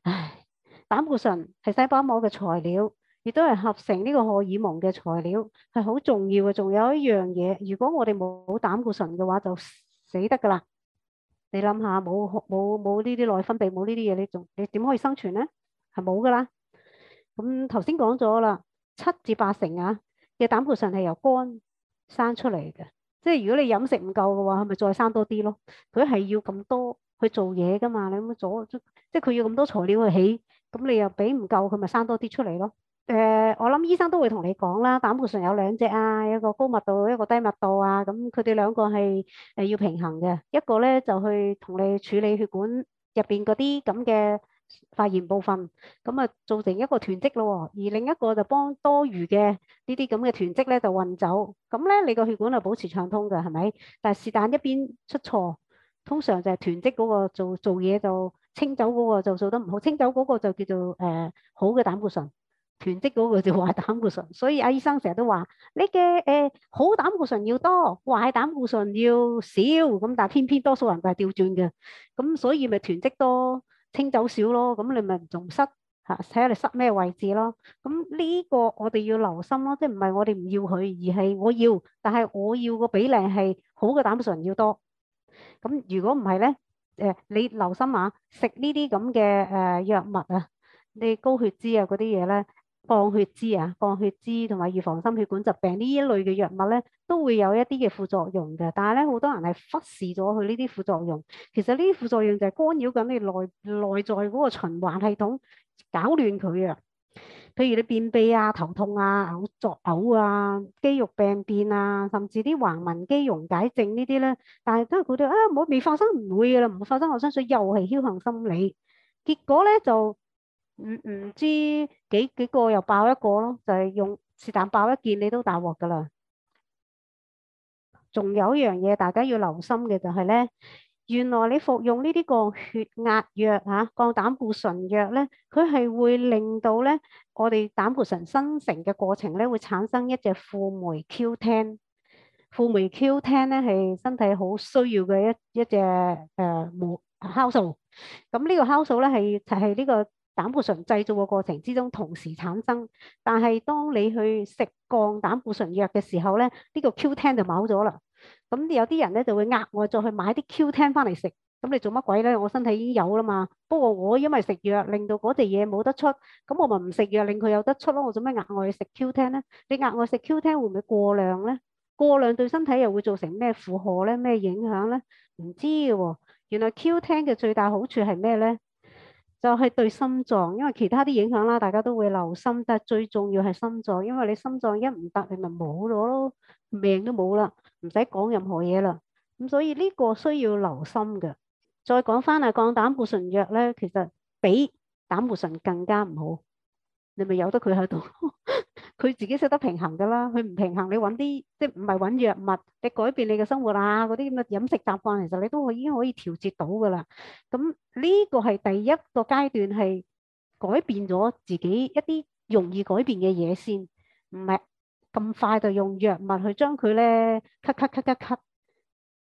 唉，膽固醇係細胞膜嘅材料。亦都係合成呢個荷爾蒙嘅材料，係好重要嘅。仲有一樣嘢，如果我哋冇膽固醇嘅話，就死得噶啦。你諗下，冇冇冇呢啲內分泌，冇呢啲嘢，你仲你點可以生存咧？係冇噶啦。咁頭先講咗啦，七至八成啊嘅膽固醇係由肝生出嚟嘅，即係如果你飲食唔夠嘅話，係咪再生多啲咯？佢係要咁多去做嘢噶嘛？你咁樣阻，即係佢要咁多材料去起，咁你又俾唔夠，佢咪生多啲出嚟咯？誒、呃，我諗醫生都會同你講啦。膽固醇有兩隻啊，一個高密度，一個低密度啊。咁佢哋兩個係誒要平衡嘅。一個咧就去同你處理血管入邊嗰啲咁嘅發炎部分，咁啊造成一個囤積咯，哦。而另一個就幫多餘嘅呢啲咁嘅囤積咧就運走。咁咧你個血管就保持暢通嘅，係咪？但係是但一邊出錯，通常就係囤積嗰個做做嘢就清走嗰個就做得唔好，清走嗰個就叫做誒、呃、好嘅膽固醇。囤積嗰個就壞膽固醇，所以阿醫生成日都話：你嘅誒好膽固醇要多，壞膽固醇要少。咁但係偏偏多數人就係調轉嘅，咁所以咪囤積多，清走少咯。咁你咪唔仲塞吓，睇下你塞咩位置咯。咁呢個我哋要留心咯，即係唔係我哋唔要佢，而係我要，但係我要個比例係好嘅膽固醇要多。咁如果唔係咧，誒你留心下食呢啲咁嘅誒藥物啊，你高血脂啊嗰啲嘢咧。降血脂啊，降血脂同埋預防心血管疾病呢一類嘅藥物咧，都會有一啲嘅副作用嘅。但係咧，好多人係忽視咗佢呢啲副作用。其實呢啲副作用就係干擾緊你內內在嗰個循環系統，搞亂佢啊。譬如你便秘啊、頭痛啊、嘔、作嘔啊、肌肉病變啊，甚至啲橫紋肌溶解症呢啲咧。但係都係覺得啊，冇未發生，唔會噶啦，唔會發生，我相信，所以又係僥幸心理。結果咧就。唔唔知幾幾個又爆一個咯，就係用是但爆一件你都大鑊噶啦。仲有一樣嘢大家要留心嘅就係咧，原來你服用呢啲個血壓藥吓，降膽固醇藥咧，佢係會令到咧我哋膽固醇生成嘅過程咧會產生一隻輔酶 Q ten，輔酶 Q ten 咧係身體好需要嘅一一隻誒無酵素。咁呢個酵素咧係就係呢個。膽固醇製造嘅過程之中同時產生，但係當你去食降膽固醇藥嘅時候咧，呢個 Q ten 就冇咗啦。咁有啲人咧就會額外再去買啲 Q ten 翻嚟食。咁你做乜鬼咧？我身體已經有啦嘛。不過我因為食藥令到嗰隻嘢冇得出，咁我咪唔食藥令佢有得出咯。我做咩額外去食 Q ten 咧？你額外食 Q ten 會唔會過量咧？過量對身體又會造成咩負荷咧？咩影響咧？唔知嘅喎。原來 Q ten 嘅最大好處係咩咧？就係對心臟，因為其他啲影響啦，大家都會留心，但係最重要係心臟，因為你心臟一唔得，你咪冇咗咯，命都冇啦，唔使講任何嘢啦。咁所以呢個需要留心嘅。再講翻啊，降膽固醇藥咧，其實比膽固醇更加唔好，你咪由得佢喺度。 佢自己識得平衡噶啦，佢唔平衡，你揾啲即係唔係揾藥物，你改變你嘅生活啊，嗰啲咁嘅飲食習慣，其實你都可已經可以調節到噶啦。咁呢個係第一個階段，係改變咗自己一啲容易改變嘅嘢先，唔係咁快就用藥物去將佢咧咳咳咳咳咳，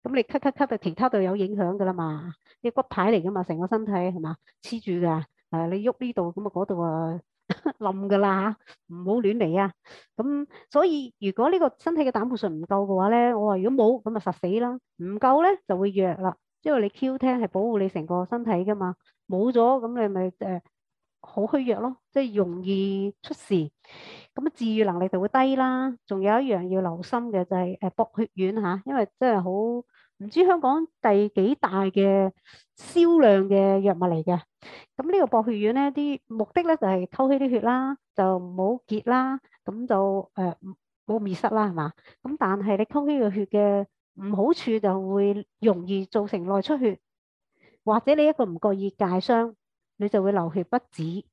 咁你咳咳咳，就其他度有影響噶啦嘛，啲骨牌嚟噶嘛，成個身體係嘛，黐住噶，誒你喐呢度，咁啊嗰度啊。冧噶啦吓，唔好亂嚟啊！咁所以如果呢個身體嘅膽固醇唔夠嘅話咧，我話如果冇咁啊實死啦，唔夠咧就會弱啦。即係你 Q 聽係保護你成個身體噶嘛，冇咗咁你咪誒好虛弱咯，即係容易出事。咁啊治愈能力就會低啦。仲有一樣要留心嘅就係誒博血丸，吓，因為真係好。唔知香港第幾大嘅銷量嘅藥物嚟嘅，咁呢個薄血丸咧，啲目的咧就係溝稀啲血啦，就唔好結啦，咁就誒冇、呃、滅失啦，係嘛？咁但係你溝稀個血嘅唔好處就會容易造成內出血，或者你一個唔覺意戒傷，你就會流血不止。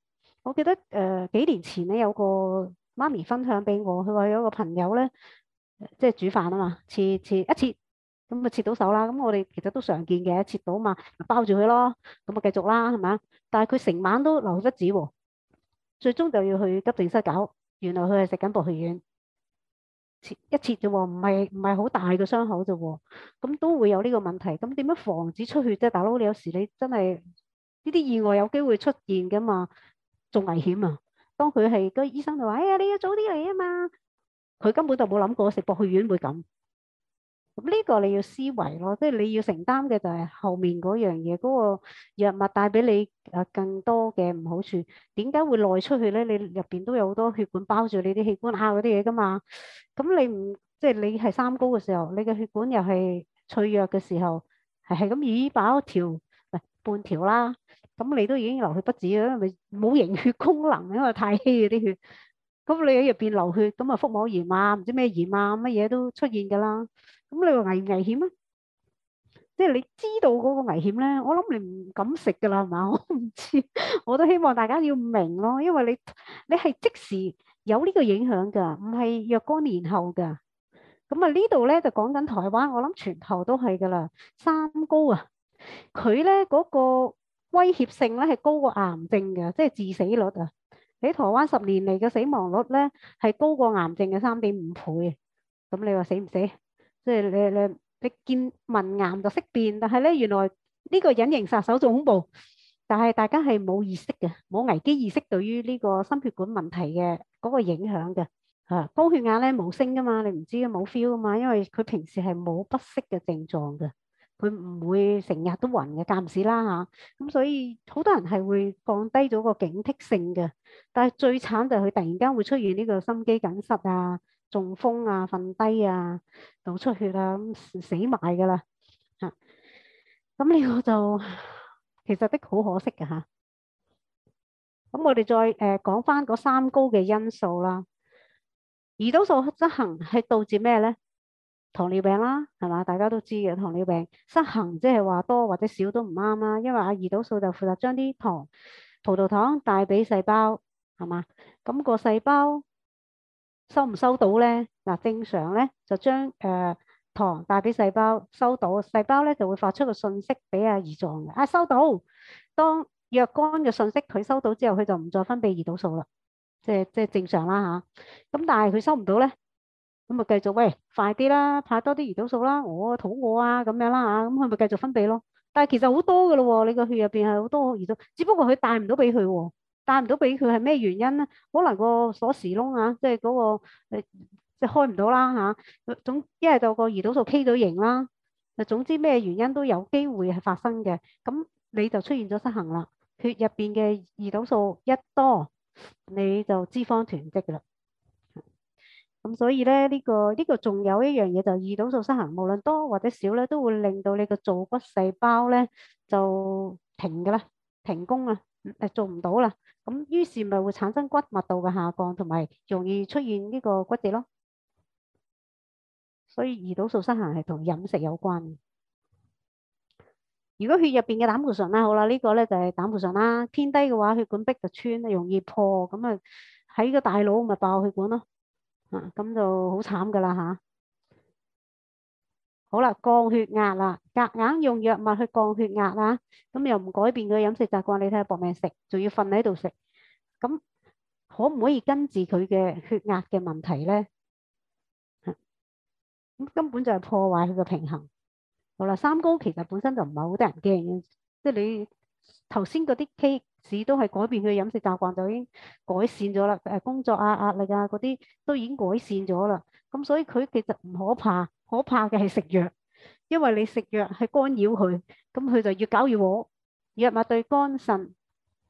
我記得誒、呃、幾年前咧有個媽咪分享俾我，佢話有個朋友咧，即、就、係、是、煮飯啊嘛，前前一次。咁咪切到手啦，咁我哋其實都常見嘅，切到嘛，包住佢咯，咁啊繼續啦，係咪？但係佢成晚都流得止喎，最終就要去急症室搞。原來佢係食緊薄血丸，切一切啫喎、哦，唔係唔係好大嘅傷口啫喎、哦，咁、嗯、都會有呢個問題。咁點樣防止出血啫？大佬你有時你真係呢啲意外有機會出現㗎嘛，仲危險啊！當佢係、嗰個醫生就話，哎呀，你要早啲嚟啊嘛！佢根本就冇諗過食薄血丸會咁。呢個你要思維咯，即係你要承擔嘅就係後面嗰樣嘢，嗰個藥物帶俾你誒更多嘅唔好處。點解會內出血咧？你入邊都有好多血管包住你啲器官下嗰啲嘢噶嘛。咁你唔即係你係三高嘅時候，你嘅血管又係脆弱嘅時候，係係咁已爆條，一條半條啦。咁你都已經流血不止啦，因為冇凝血功能，因為太稀嗰啲血。咁你喺入邊流血，咁啊腹膜炎啊，唔知咩炎啊，乜嘢都出現噶啦。咁你話危唔危險啊？即係你知道嗰個危險咧，我諗你唔敢食噶啦，係嘛？我唔知，我都希望大家要明咯，因為你你係即時有呢個影響噶，唔係若干年後噶。咁啊呢度咧就講緊台灣，我諗全球都係噶啦。三高啊，佢咧嗰個威脅性咧係高過癌症嘅，即係致死率啊。喺台灣十年嚟嘅死亡率咧係高過癌症嘅三點五倍啊。咁你話死唔死？即係你你你見聞癌就識變，但係咧原來呢個隱形殺手仲恐怖，但係大家係冇意識嘅，冇危機意識對於呢個心血管問題嘅嗰個影響嘅，吓高血壓咧冇聲噶嘛，你唔知冇 feel 噶嘛，因為佢平時係冇不適嘅症狀嘅，佢唔會成日都暈嘅，間唔時啦吓，咁所以好多人係會降低咗個警惕性嘅，但係最慘就係佢突然間會出現呢個心肌梗塞啊。中風啊、瞓低啊、腦出血啊，咁、嗯、死埋噶啦嚇！咁呢、嗯這個就其實的好可惜嘅吓。咁我哋再誒講翻嗰三高嘅因素啦。胰島素失衡係導致咩咧？糖尿病啦，係嘛？大家都知嘅糖尿病失衡，即係話多或者少都唔啱啦。因為阿胰島素就負責將啲糖、葡萄糖帶俾細胞，係嘛？咁、那個細胞。收唔收到咧？嗱，正常咧就將誒糖帶俾細胞收到，細胞咧就會發出個訊息俾啊胰臟嘅，啊收到。當若干嘅訊息佢收到之後，佢就唔再分泌胰島素啦，即係即係正常啦嚇。咁但係佢收唔到咧，咁咪繼續喂快啲啦，派多啲胰島素啦，我肚餓啊咁樣啦嚇，咁佢咪繼續分泌咯。但係其實好多㗎喇喎，你個血入邊係好多胰島，只不過佢帶唔到俾佢喎。帶唔到俾佢係咩原因咧？可能個鎖匙窿啊，即係嗰、那個即係開唔到啦嚇。總之，係到個胰島素 K 咗形啦。誒總之咩原因都有機會係發生嘅。咁你就出現咗失衡啦。血入邊嘅胰島素一多，你就脂肪囤積㗎啦。咁所以咧，呢、這個呢、這個仲有一樣嘢就係、胰島素失衡，無論多或者少咧，都會令到你個造骨細胞咧就停㗎啦，停工啦，誒、呃、做唔到啦。咁於是咪會產生骨密度嘅下降，同埋容易出現呢個骨折咯。所以胰島素失衡係同飲食有關嘅。如果血入邊嘅膽固醇啦，好啦，這個、呢個咧就係、是、膽固醇啦，偏低嘅話，血管壁就穿，容易破，咁啊喺個大腦咪爆血管咯。啊，咁就好慘噶啦。好啦，降血壓啦，夾硬用藥物去降血壓啦，咁又唔改變佢飲食習慣，你睇下搏命食，仲要瞓喺度食，咁可唔可以根治佢嘅血壓嘅問題咧？咁根本就係破壞佢嘅平衡。好啦，三高其實本身就唔係好得人驚嘅，即係你頭先嗰啲 case 都係改變佢飲食習慣就已經改善咗啦，誒工作啊壓力啊嗰啲都已經改善咗啦。咁所以佢其實唔可怕，可怕嘅係食藥，因為你食藥係干擾佢，咁佢就越搞越惡。藥物對肝腎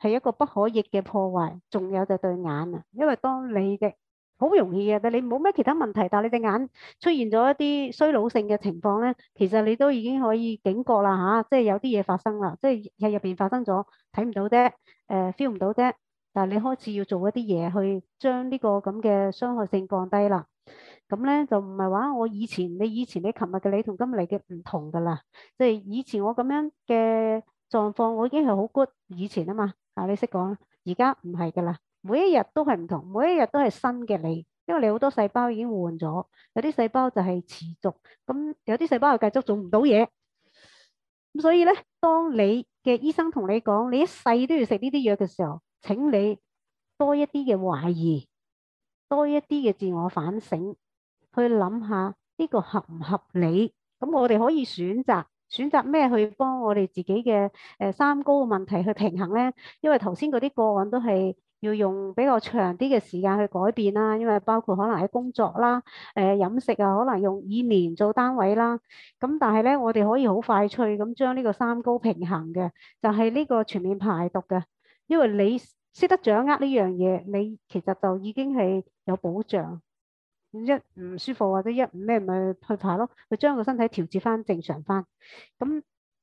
係一個不可逆嘅破壞，仲有就對眼啊！因為當你嘅好容易啊，但你冇咩其他問題，但你隻眼出現咗一啲衰老性嘅情況咧，其實你都已經可以警覺啦吓，即係有啲嘢發生啦，即係日入邊發生咗睇唔到啫，誒 feel 唔到啫，但你開始要做一啲嘢去將呢個咁嘅傷害性降低啦。咁咧就唔係話我以前你以前你琴日嘅你同今日嚟嘅唔同噶啦，即係以前我咁樣嘅狀況，我已經係好 good 以前啊嘛，啊你識講，而家唔係噶啦，每一日都係唔同，每一日都係新嘅你，因為你好多細胞已經換咗，有啲細胞就係持續，咁有啲細胞又繼續做唔到嘢，咁所以咧，當你嘅醫生同你講你一世都要食呢啲藥嘅時候，請你多一啲嘅懷疑。多一啲嘅自我反省，去諗下呢個合唔合理？咁我哋可以選擇選擇咩去幫我哋自己嘅誒三高嘅問題去平衡呢？因為頭先嗰啲個案都係要用比較長啲嘅時間去改變啦，因為包括可能喺工作啦、誒、呃、飲食啊，可能用以年做單位啦。咁但係呢，我哋可以好快脆咁將呢個三高平衡嘅，就係、是、呢個全面排毒嘅，因為你。識得掌握呢樣嘢，你其實就已經係有保障。一唔舒服或者一唔咩，咪去排咯，去將個身體調節翻正常翻咁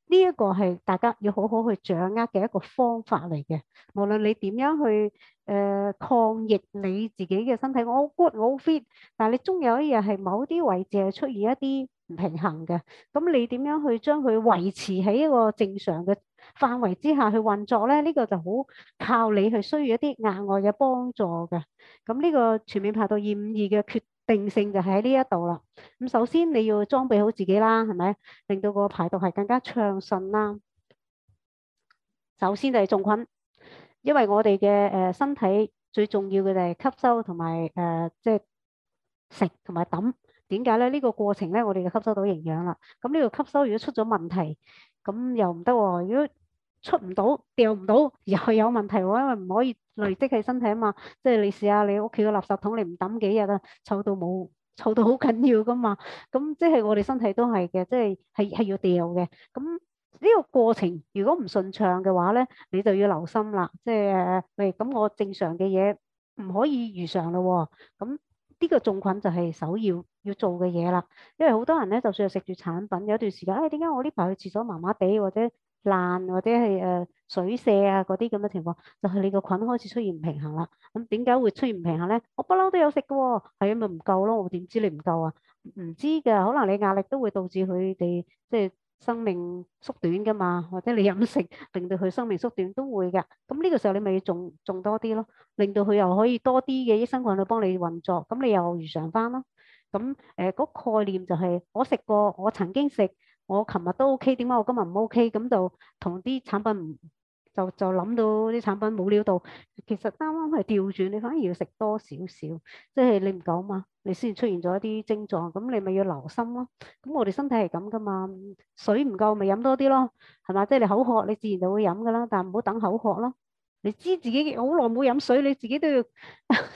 呢一個係大家要好好去掌握嘅一個方法嚟嘅。無論你點樣去誒、呃、抗疫你自己嘅身體，我好 good，我好 fit，但係你終有一日係某啲位置係出現一啲唔平衡嘅。咁你點樣去將佢維持喺一個正常嘅範圍之下去運作咧，呢、這個就好靠你去需要一啲額外嘅幫助嘅。咁呢個全面排毒二五二嘅決定性就喺呢一度啦。咁首先你要裝備好自己啦，係咪？令到個排毒係更加暢順啦。首先就係種菌，因為我哋嘅誒身體最重要嘅就係吸收同埋誒即係食同埋抌。點解咧？就是、呢、這個過程咧，我哋就吸收到營養啦。咁呢個吸收如果出咗問題。咁又唔得喎，如果出唔到，掉唔到，又係有問題喎、哦，因為唔可以累積喺身體啊嘛。即係你試下你屋企嘅垃圾桶，你唔抌幾日啦，臭到冇，臭到好緊要㗎嘛。咁即係我哋身體都係嘅，即係係係要掉嘅。咁呢個過程如果唔順暢嘅話咧，你就要留心啦。即係喂，咁我正常嘅嘢唔可以如常咯喎、哦。咁呢個種菌就係首要要做嘅嘢啦，因為好多人咧，就算係食住產品，有段時間，誒，點解我呢排去廁所麻麻地，或者爛，或者係誒、呃、水瀉啊嗰啲咁嘅情況，就係、是、你個菌開始出現唔平衡啦。咁點解會出現唔平衡咧？我不嬲都有食嘅喎，係咪唔夠咯？我點知你唔夠啊？唔知㗎，可能你壓力都會導致佢哋即係。生命縮短噶嘛，或者你飲食令到佢生命縮短都會㗎，咁呢個時候你咪要種種多啲咯，令到佢又可以多啲嘅益生菌去幫你運作，咁你又如常翻咯。咁誒，嗰，呃那個、概念就係、是、我食過，我曾經食，我琴日都 OK，點解我今日唔 OK？咁就同啲產品唔。就就諗到啲產品冇料到，其實啱啱係調轉，你反而要食多少少，即係你唔夠嘛，你先出現咗一啲症狀，咁你咪要留心咯。咁我哋身體係咁噶嘛，水唔夠咪飲多啲咯，係咪？即係你口渴，你自然就會飲噶啦，但唔好等口渴咯。你知自己好耐冇飲水，你自己都要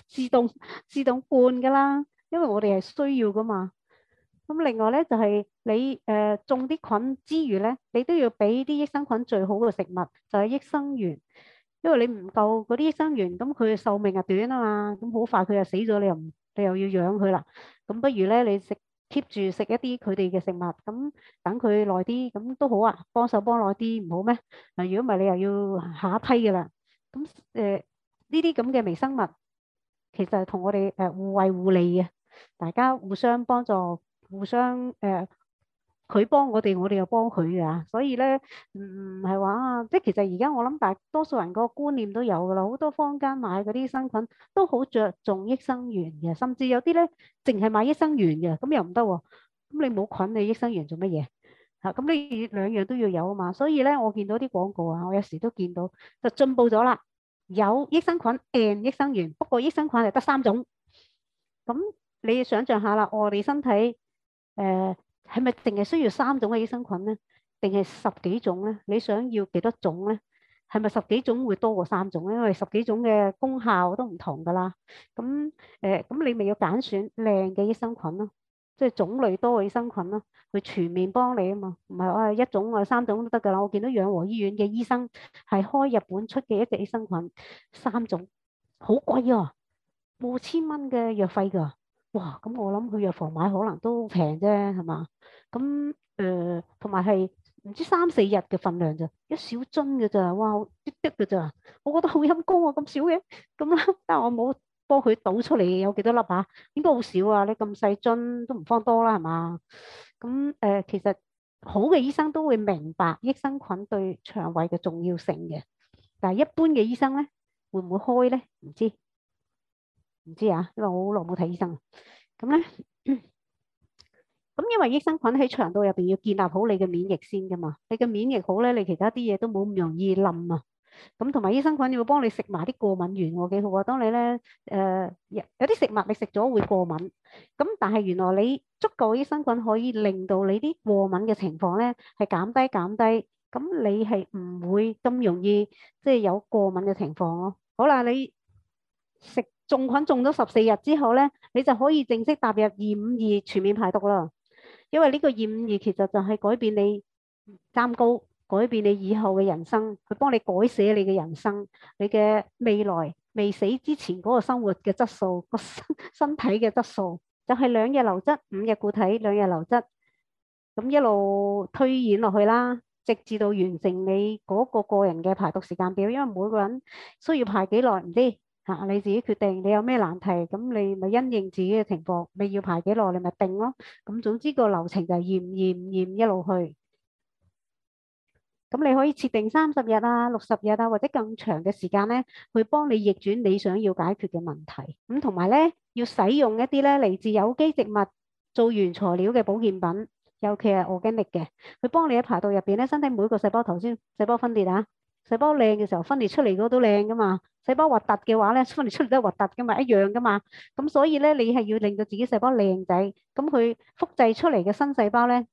自動自動灌噶啦，因為我哋係需要噶嘛。咁另外咧，就係、是、你誒、呃、種啲菌之餘咧，你都要俾啲益生菌最好嘅食物，就係、是、益生元。因為你唔夠嗰啲益生元，咁佢嘅壽命啊短啊嘛，咁好快佢又死咗，你又你又要養佢啦。咁不如咧，你食 keep 住食一啲佢哋嘅食物，咁等佢耐啲，咁都好啊，幫手幫耐啲，唔好咩？嗱，如果唔係你又要下一批㗎啦。咁誒呢啲咁嘅微生物，其實係同我哋誒互惠互利嘅，大家互相幫助。互相誒，佢、呃、幫我哋，我哋又幫佢啊！所以咧，唔係話即係其實而家我諗大多數人個觀念都有㗎啦，好多坊間買嗰啲生菌都好着重益生元嘅，甚至有啲咧淨係買益生元嘅，咁又唔得喎！咁你冇菌，你益生元做乜嘢？嚇！咁你兩樣都要有啊嘛！所以咧，我見到啲廣告啊，我有時都見到就進步咗啦，有益生菌 and 益生元，不過益生菌係得三種，咁你想象下啦，我哋身體。誒，係咪淨係需要三種嘅益生菌咧？定係十幾種咧？你想要幾多種咧？係咪十幾種會多過三種咧？因為十幾種嘅功效都唔同噶啦。咁誒，咁、呃、你咪要揀選靚嘅益生菌咯，即係種類多嘅益生菌咯，佢全面幫你啊嘛。唔係啊，我係一種啊，三種都得噶啦。我見到養和醫院嘅醫生係開日本出嘅一隻益生菌，三種，好貴啊，五千蚊嘅藥費噶。哇，咁我諗佢藥房買可能都平啫，係嘛？咁誒，同埋係唔知三四日嘅份量啫，一小樽㗎咋？哇，啲啲㗎咋？我覺得好陰公啊，咁少嘅，咁啦。但係我冇幫佢倒出嚟有幾多粒啊？應該好少啊，你咁細樽都唔放多啦，係嘛？咁誒、呃，其實好嘅醫生都會明白益生菌對腸胃嘅重要性嘅，但係一般嘅醫生咧會唔會開咧？唔知。唔知啊，因為我好耐冇睇醫生，咁咧，咁因為益生菌喺腸道入邊要建立好你嘅免疫先噶嘛，你嘅免疫好咧，你其他啲嘢都冇咁容易冧啊。咁同埋益生菌你會幫你食埋啲過敏源喎，幾好啊。當你咧誒有啲食物你食咗會過敏，咁但係原來你足夠益生菌可以令到你啲過敏嘅情況咧係減低減低，咁你係唔會咁容易即係有過敏嘅情況咯。好啦，你食。種菌種咗十四日之後咧，你就可以正式踏入二五二全面排毒啦。因為呢個二五二其實就係改變你三高，改變你以後嘅人生，佢幫你改寫你嘅人生，你嘅未來未死之前嗰個生活嘅質素，個身身體嘅質素，就係兩日流質，五日固體，兩日流質，咁一路推演落去啦，直至到完成你嗰個個人嘅排毒時間表。因為每個人需要排幾耐唔知？吓、啊、你自己決定，你有咩難題，咁你咪因應自己嘅情況，你要排幾耐你咪定咯、啊。咁總之個流程就係驗驗驗一路去。咁你可以設定三十日啊、六十日啊或者更長嘅時間咧，去幫你逆轉你想要解決嘅問題。咁同埋咧，要使用一啲咧嚟自有機植物做原材料嘅保健品，尤其係 organic 嘅，去幫你一排到入邊咧，身體每個細胞頭先細胞分裂吓、啊。細胞靚嘅時候分裂出嚟嗰都靚噶嘛，細胞核突嘅話咧分裂出嚟都核突噶嘛，一樣噶嘛。咁所以咧你係要令到自己細胞靚仔，咁佢複製出嚟嘅新細胞咧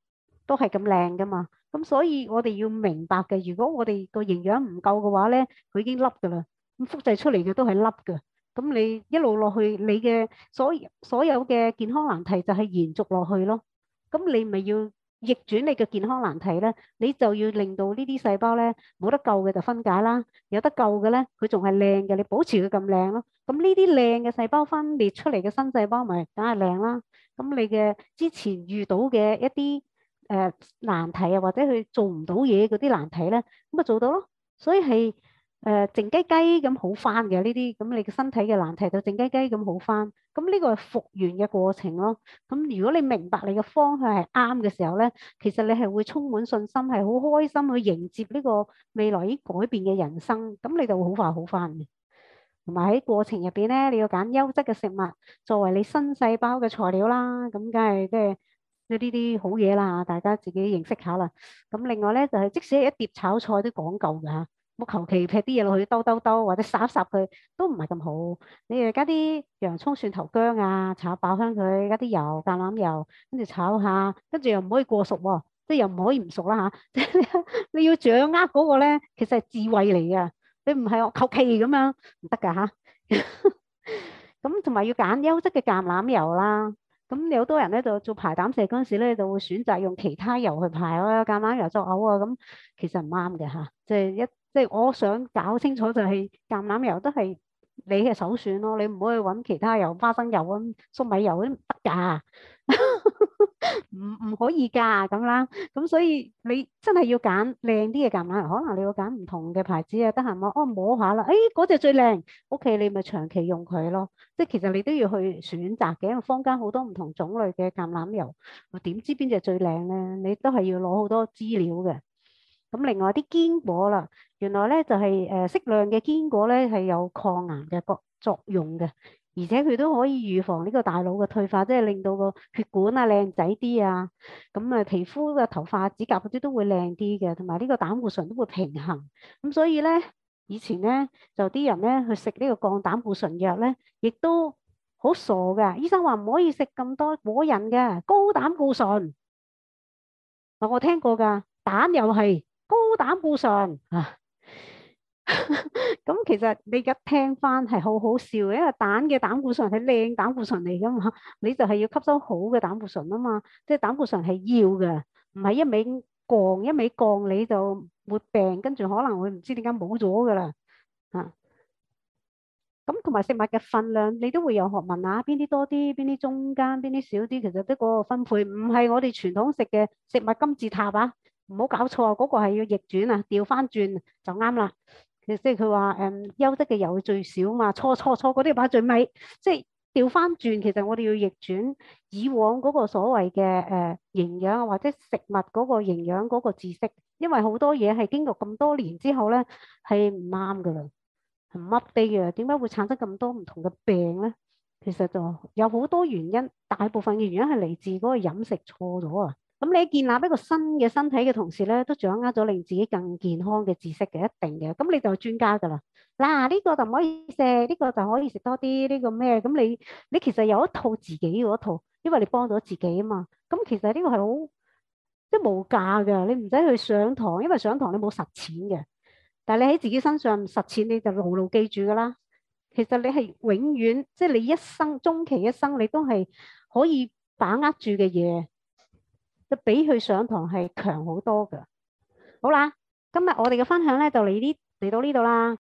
都係咁靚噶嘛。咁所以我哋要明白嘅，如果我哋個營養唔夠嘅話咧，佢已經粒噶啦，咁複製出嚟嘅都係粒噶。咁你一路落去，你嘅所所有嘅健康難題就係延續落去咯。咁你咪要。逆轉你嘅健康難題咧，你就要令到呢啲細胞咧，冇得救嘅就分解啦，有得救嘅咧佢仲係靚嘅，你保持佢咁靚咯。咁呢啲靚嘅細胞分裂出嚟嘅新細胞咪梗係靚啦。咁你嘅之前遇到嘅一啲誒難題啊，或者佢做唔到嘢嗰啲難題咧，咁咪做到咯。所以係。誒，靜雞雞咁好翻嘅呢啲，咁你嘅身體嘅難題就靜雞雞咁好翻。咁呢個係復原嘅過程咯。咁如果你明白你嘅方向係啱嘅時候咧，其實你係會充滿信心，係好開心去迎接呢個未來已改變嘅人生。咁你就會好快好翻嘅。同埋喺過程入邊咧，你要揀優質嘅食物作為你新細胞嘅材料啦。咁梗係即係即係呢啲好嘢啦。大家自己認識下啦。咁另外咧就係即使係一碟炒菜都講究嘅吓。我求其劈啲嘢落去兜兜兜，或者烚烚佢都唔係咁好。你而家啲洋葱、蒜頭、薑啊，炒爆香佢，加啲油、橄欖油，跟住炒下，跟住又唔可以過熟喎、啊，即係又唔可以唔熟啦、啊、嚇。你要掌握嗰個咧，其實係智慧嚟嘅。你唔係我求其咁樣唔得㗎吓。咁同埋要揀優質嘅橄欖油啦。咁你好多人咧就做排膽石嗰陣時咧，就會選擇用其他油去排啊，橄欖油作嘔啊，咁其實唔啱嘅吓。即係一。即係我想搞清楚就係、是、橄欖油都係你嘅首選咯，你唔好去揾其他油、花生油、咁、粟米油嗰啲得㗎，唔唔 可以㗎咁啦。咁所以你真係要揀靚啲嘅橄欖油，可能你要揀唔同嘅牌子啊。得閒摸，摸，我摸下啦。誒、那個，嗰隻最靚，OK，你咪長期用佢咯。即係其實你都要去選擇嘅，因為坊間好多唔同種類嘅橄欖油，我點知邊隻最靚咧？你都係要攞好多資料嘅。咁另外啲堅果啦，原來咧就係誒適量嘅堅果咧係有抗癌嘅作用嘅，而且佢都可以預防呢個大腦嘅退化，即係令到個血管啊靚仔啲啊，咁啊皮膚啊頭髮指甲嗰啲都會靚啲嘅，同埋呢個膽固醇都會平衡。咁所以咧，以前咧就啲人咧去食呢個降膽固醇藥咧，亦都好傻噶，醫生話唔可以食咁多果仁嘅，高膽固醇。嗱我聽過噶蛋又係膽固醇啊，咁其實你一聽翻係好好笑，因為蛋嘅膽固醇係靚膽固醇嚟噶嘛，你就係要吸收好嘅膽固醇啊嘛，即係膽固醇係要嘅，唔係一味降一味降你就會病，跟住可能會唔知點解冇咗噶啦啊！咁同埋食物嘅份量，你都會有學問啊，邊啲多啲，邊啲中間，邊啲少啲，其實都個分配唔係我哋傳統食嘅食物金字塔啊。唔好搞錯啊！嗰個係要逆轉啊，調翻轉就啱啦。其實佢話，誒、嗯，優質嘅油最少嘛，錯錯錯，嗰啲擺最尾。即係調翻轉，其實我哋要逆轉以往嗰個所謂嘅誒營養或者食物嗰個營養嗰個知識，因為好多嘢係經過咁多年之後咧係唔啱噶啦，唔 update 嘅。點解會產生咁多唔同嘅病咧？其實就有好多原因，大部分嘅原因係嚟自嗰個飲食錯咗啊。咁你建立一個新嘅身體嘅同時咧，都掌握咗令自己更健康嘅知識嘅，一定嘅。咁你就係專家噶啦。嗱，呢個就唔可以食，呢個就可以食多啲呢個咩？咁你你其實有一套自己嗰套，因為你幫咗自己啊嘛。咁其實呢個係好即係無價噶，你唔使去上堂，因為上堂你冇實踐嘅。但係你喺自己身上實踐，你就牢牢記住噶啦。其實你係永遠即係你一生中期一生，你都係可以把握住嘅嘢。就比佢上堂係強好多㗎。好啦，今日我哋嘅分享呢就嚟到呢度啦。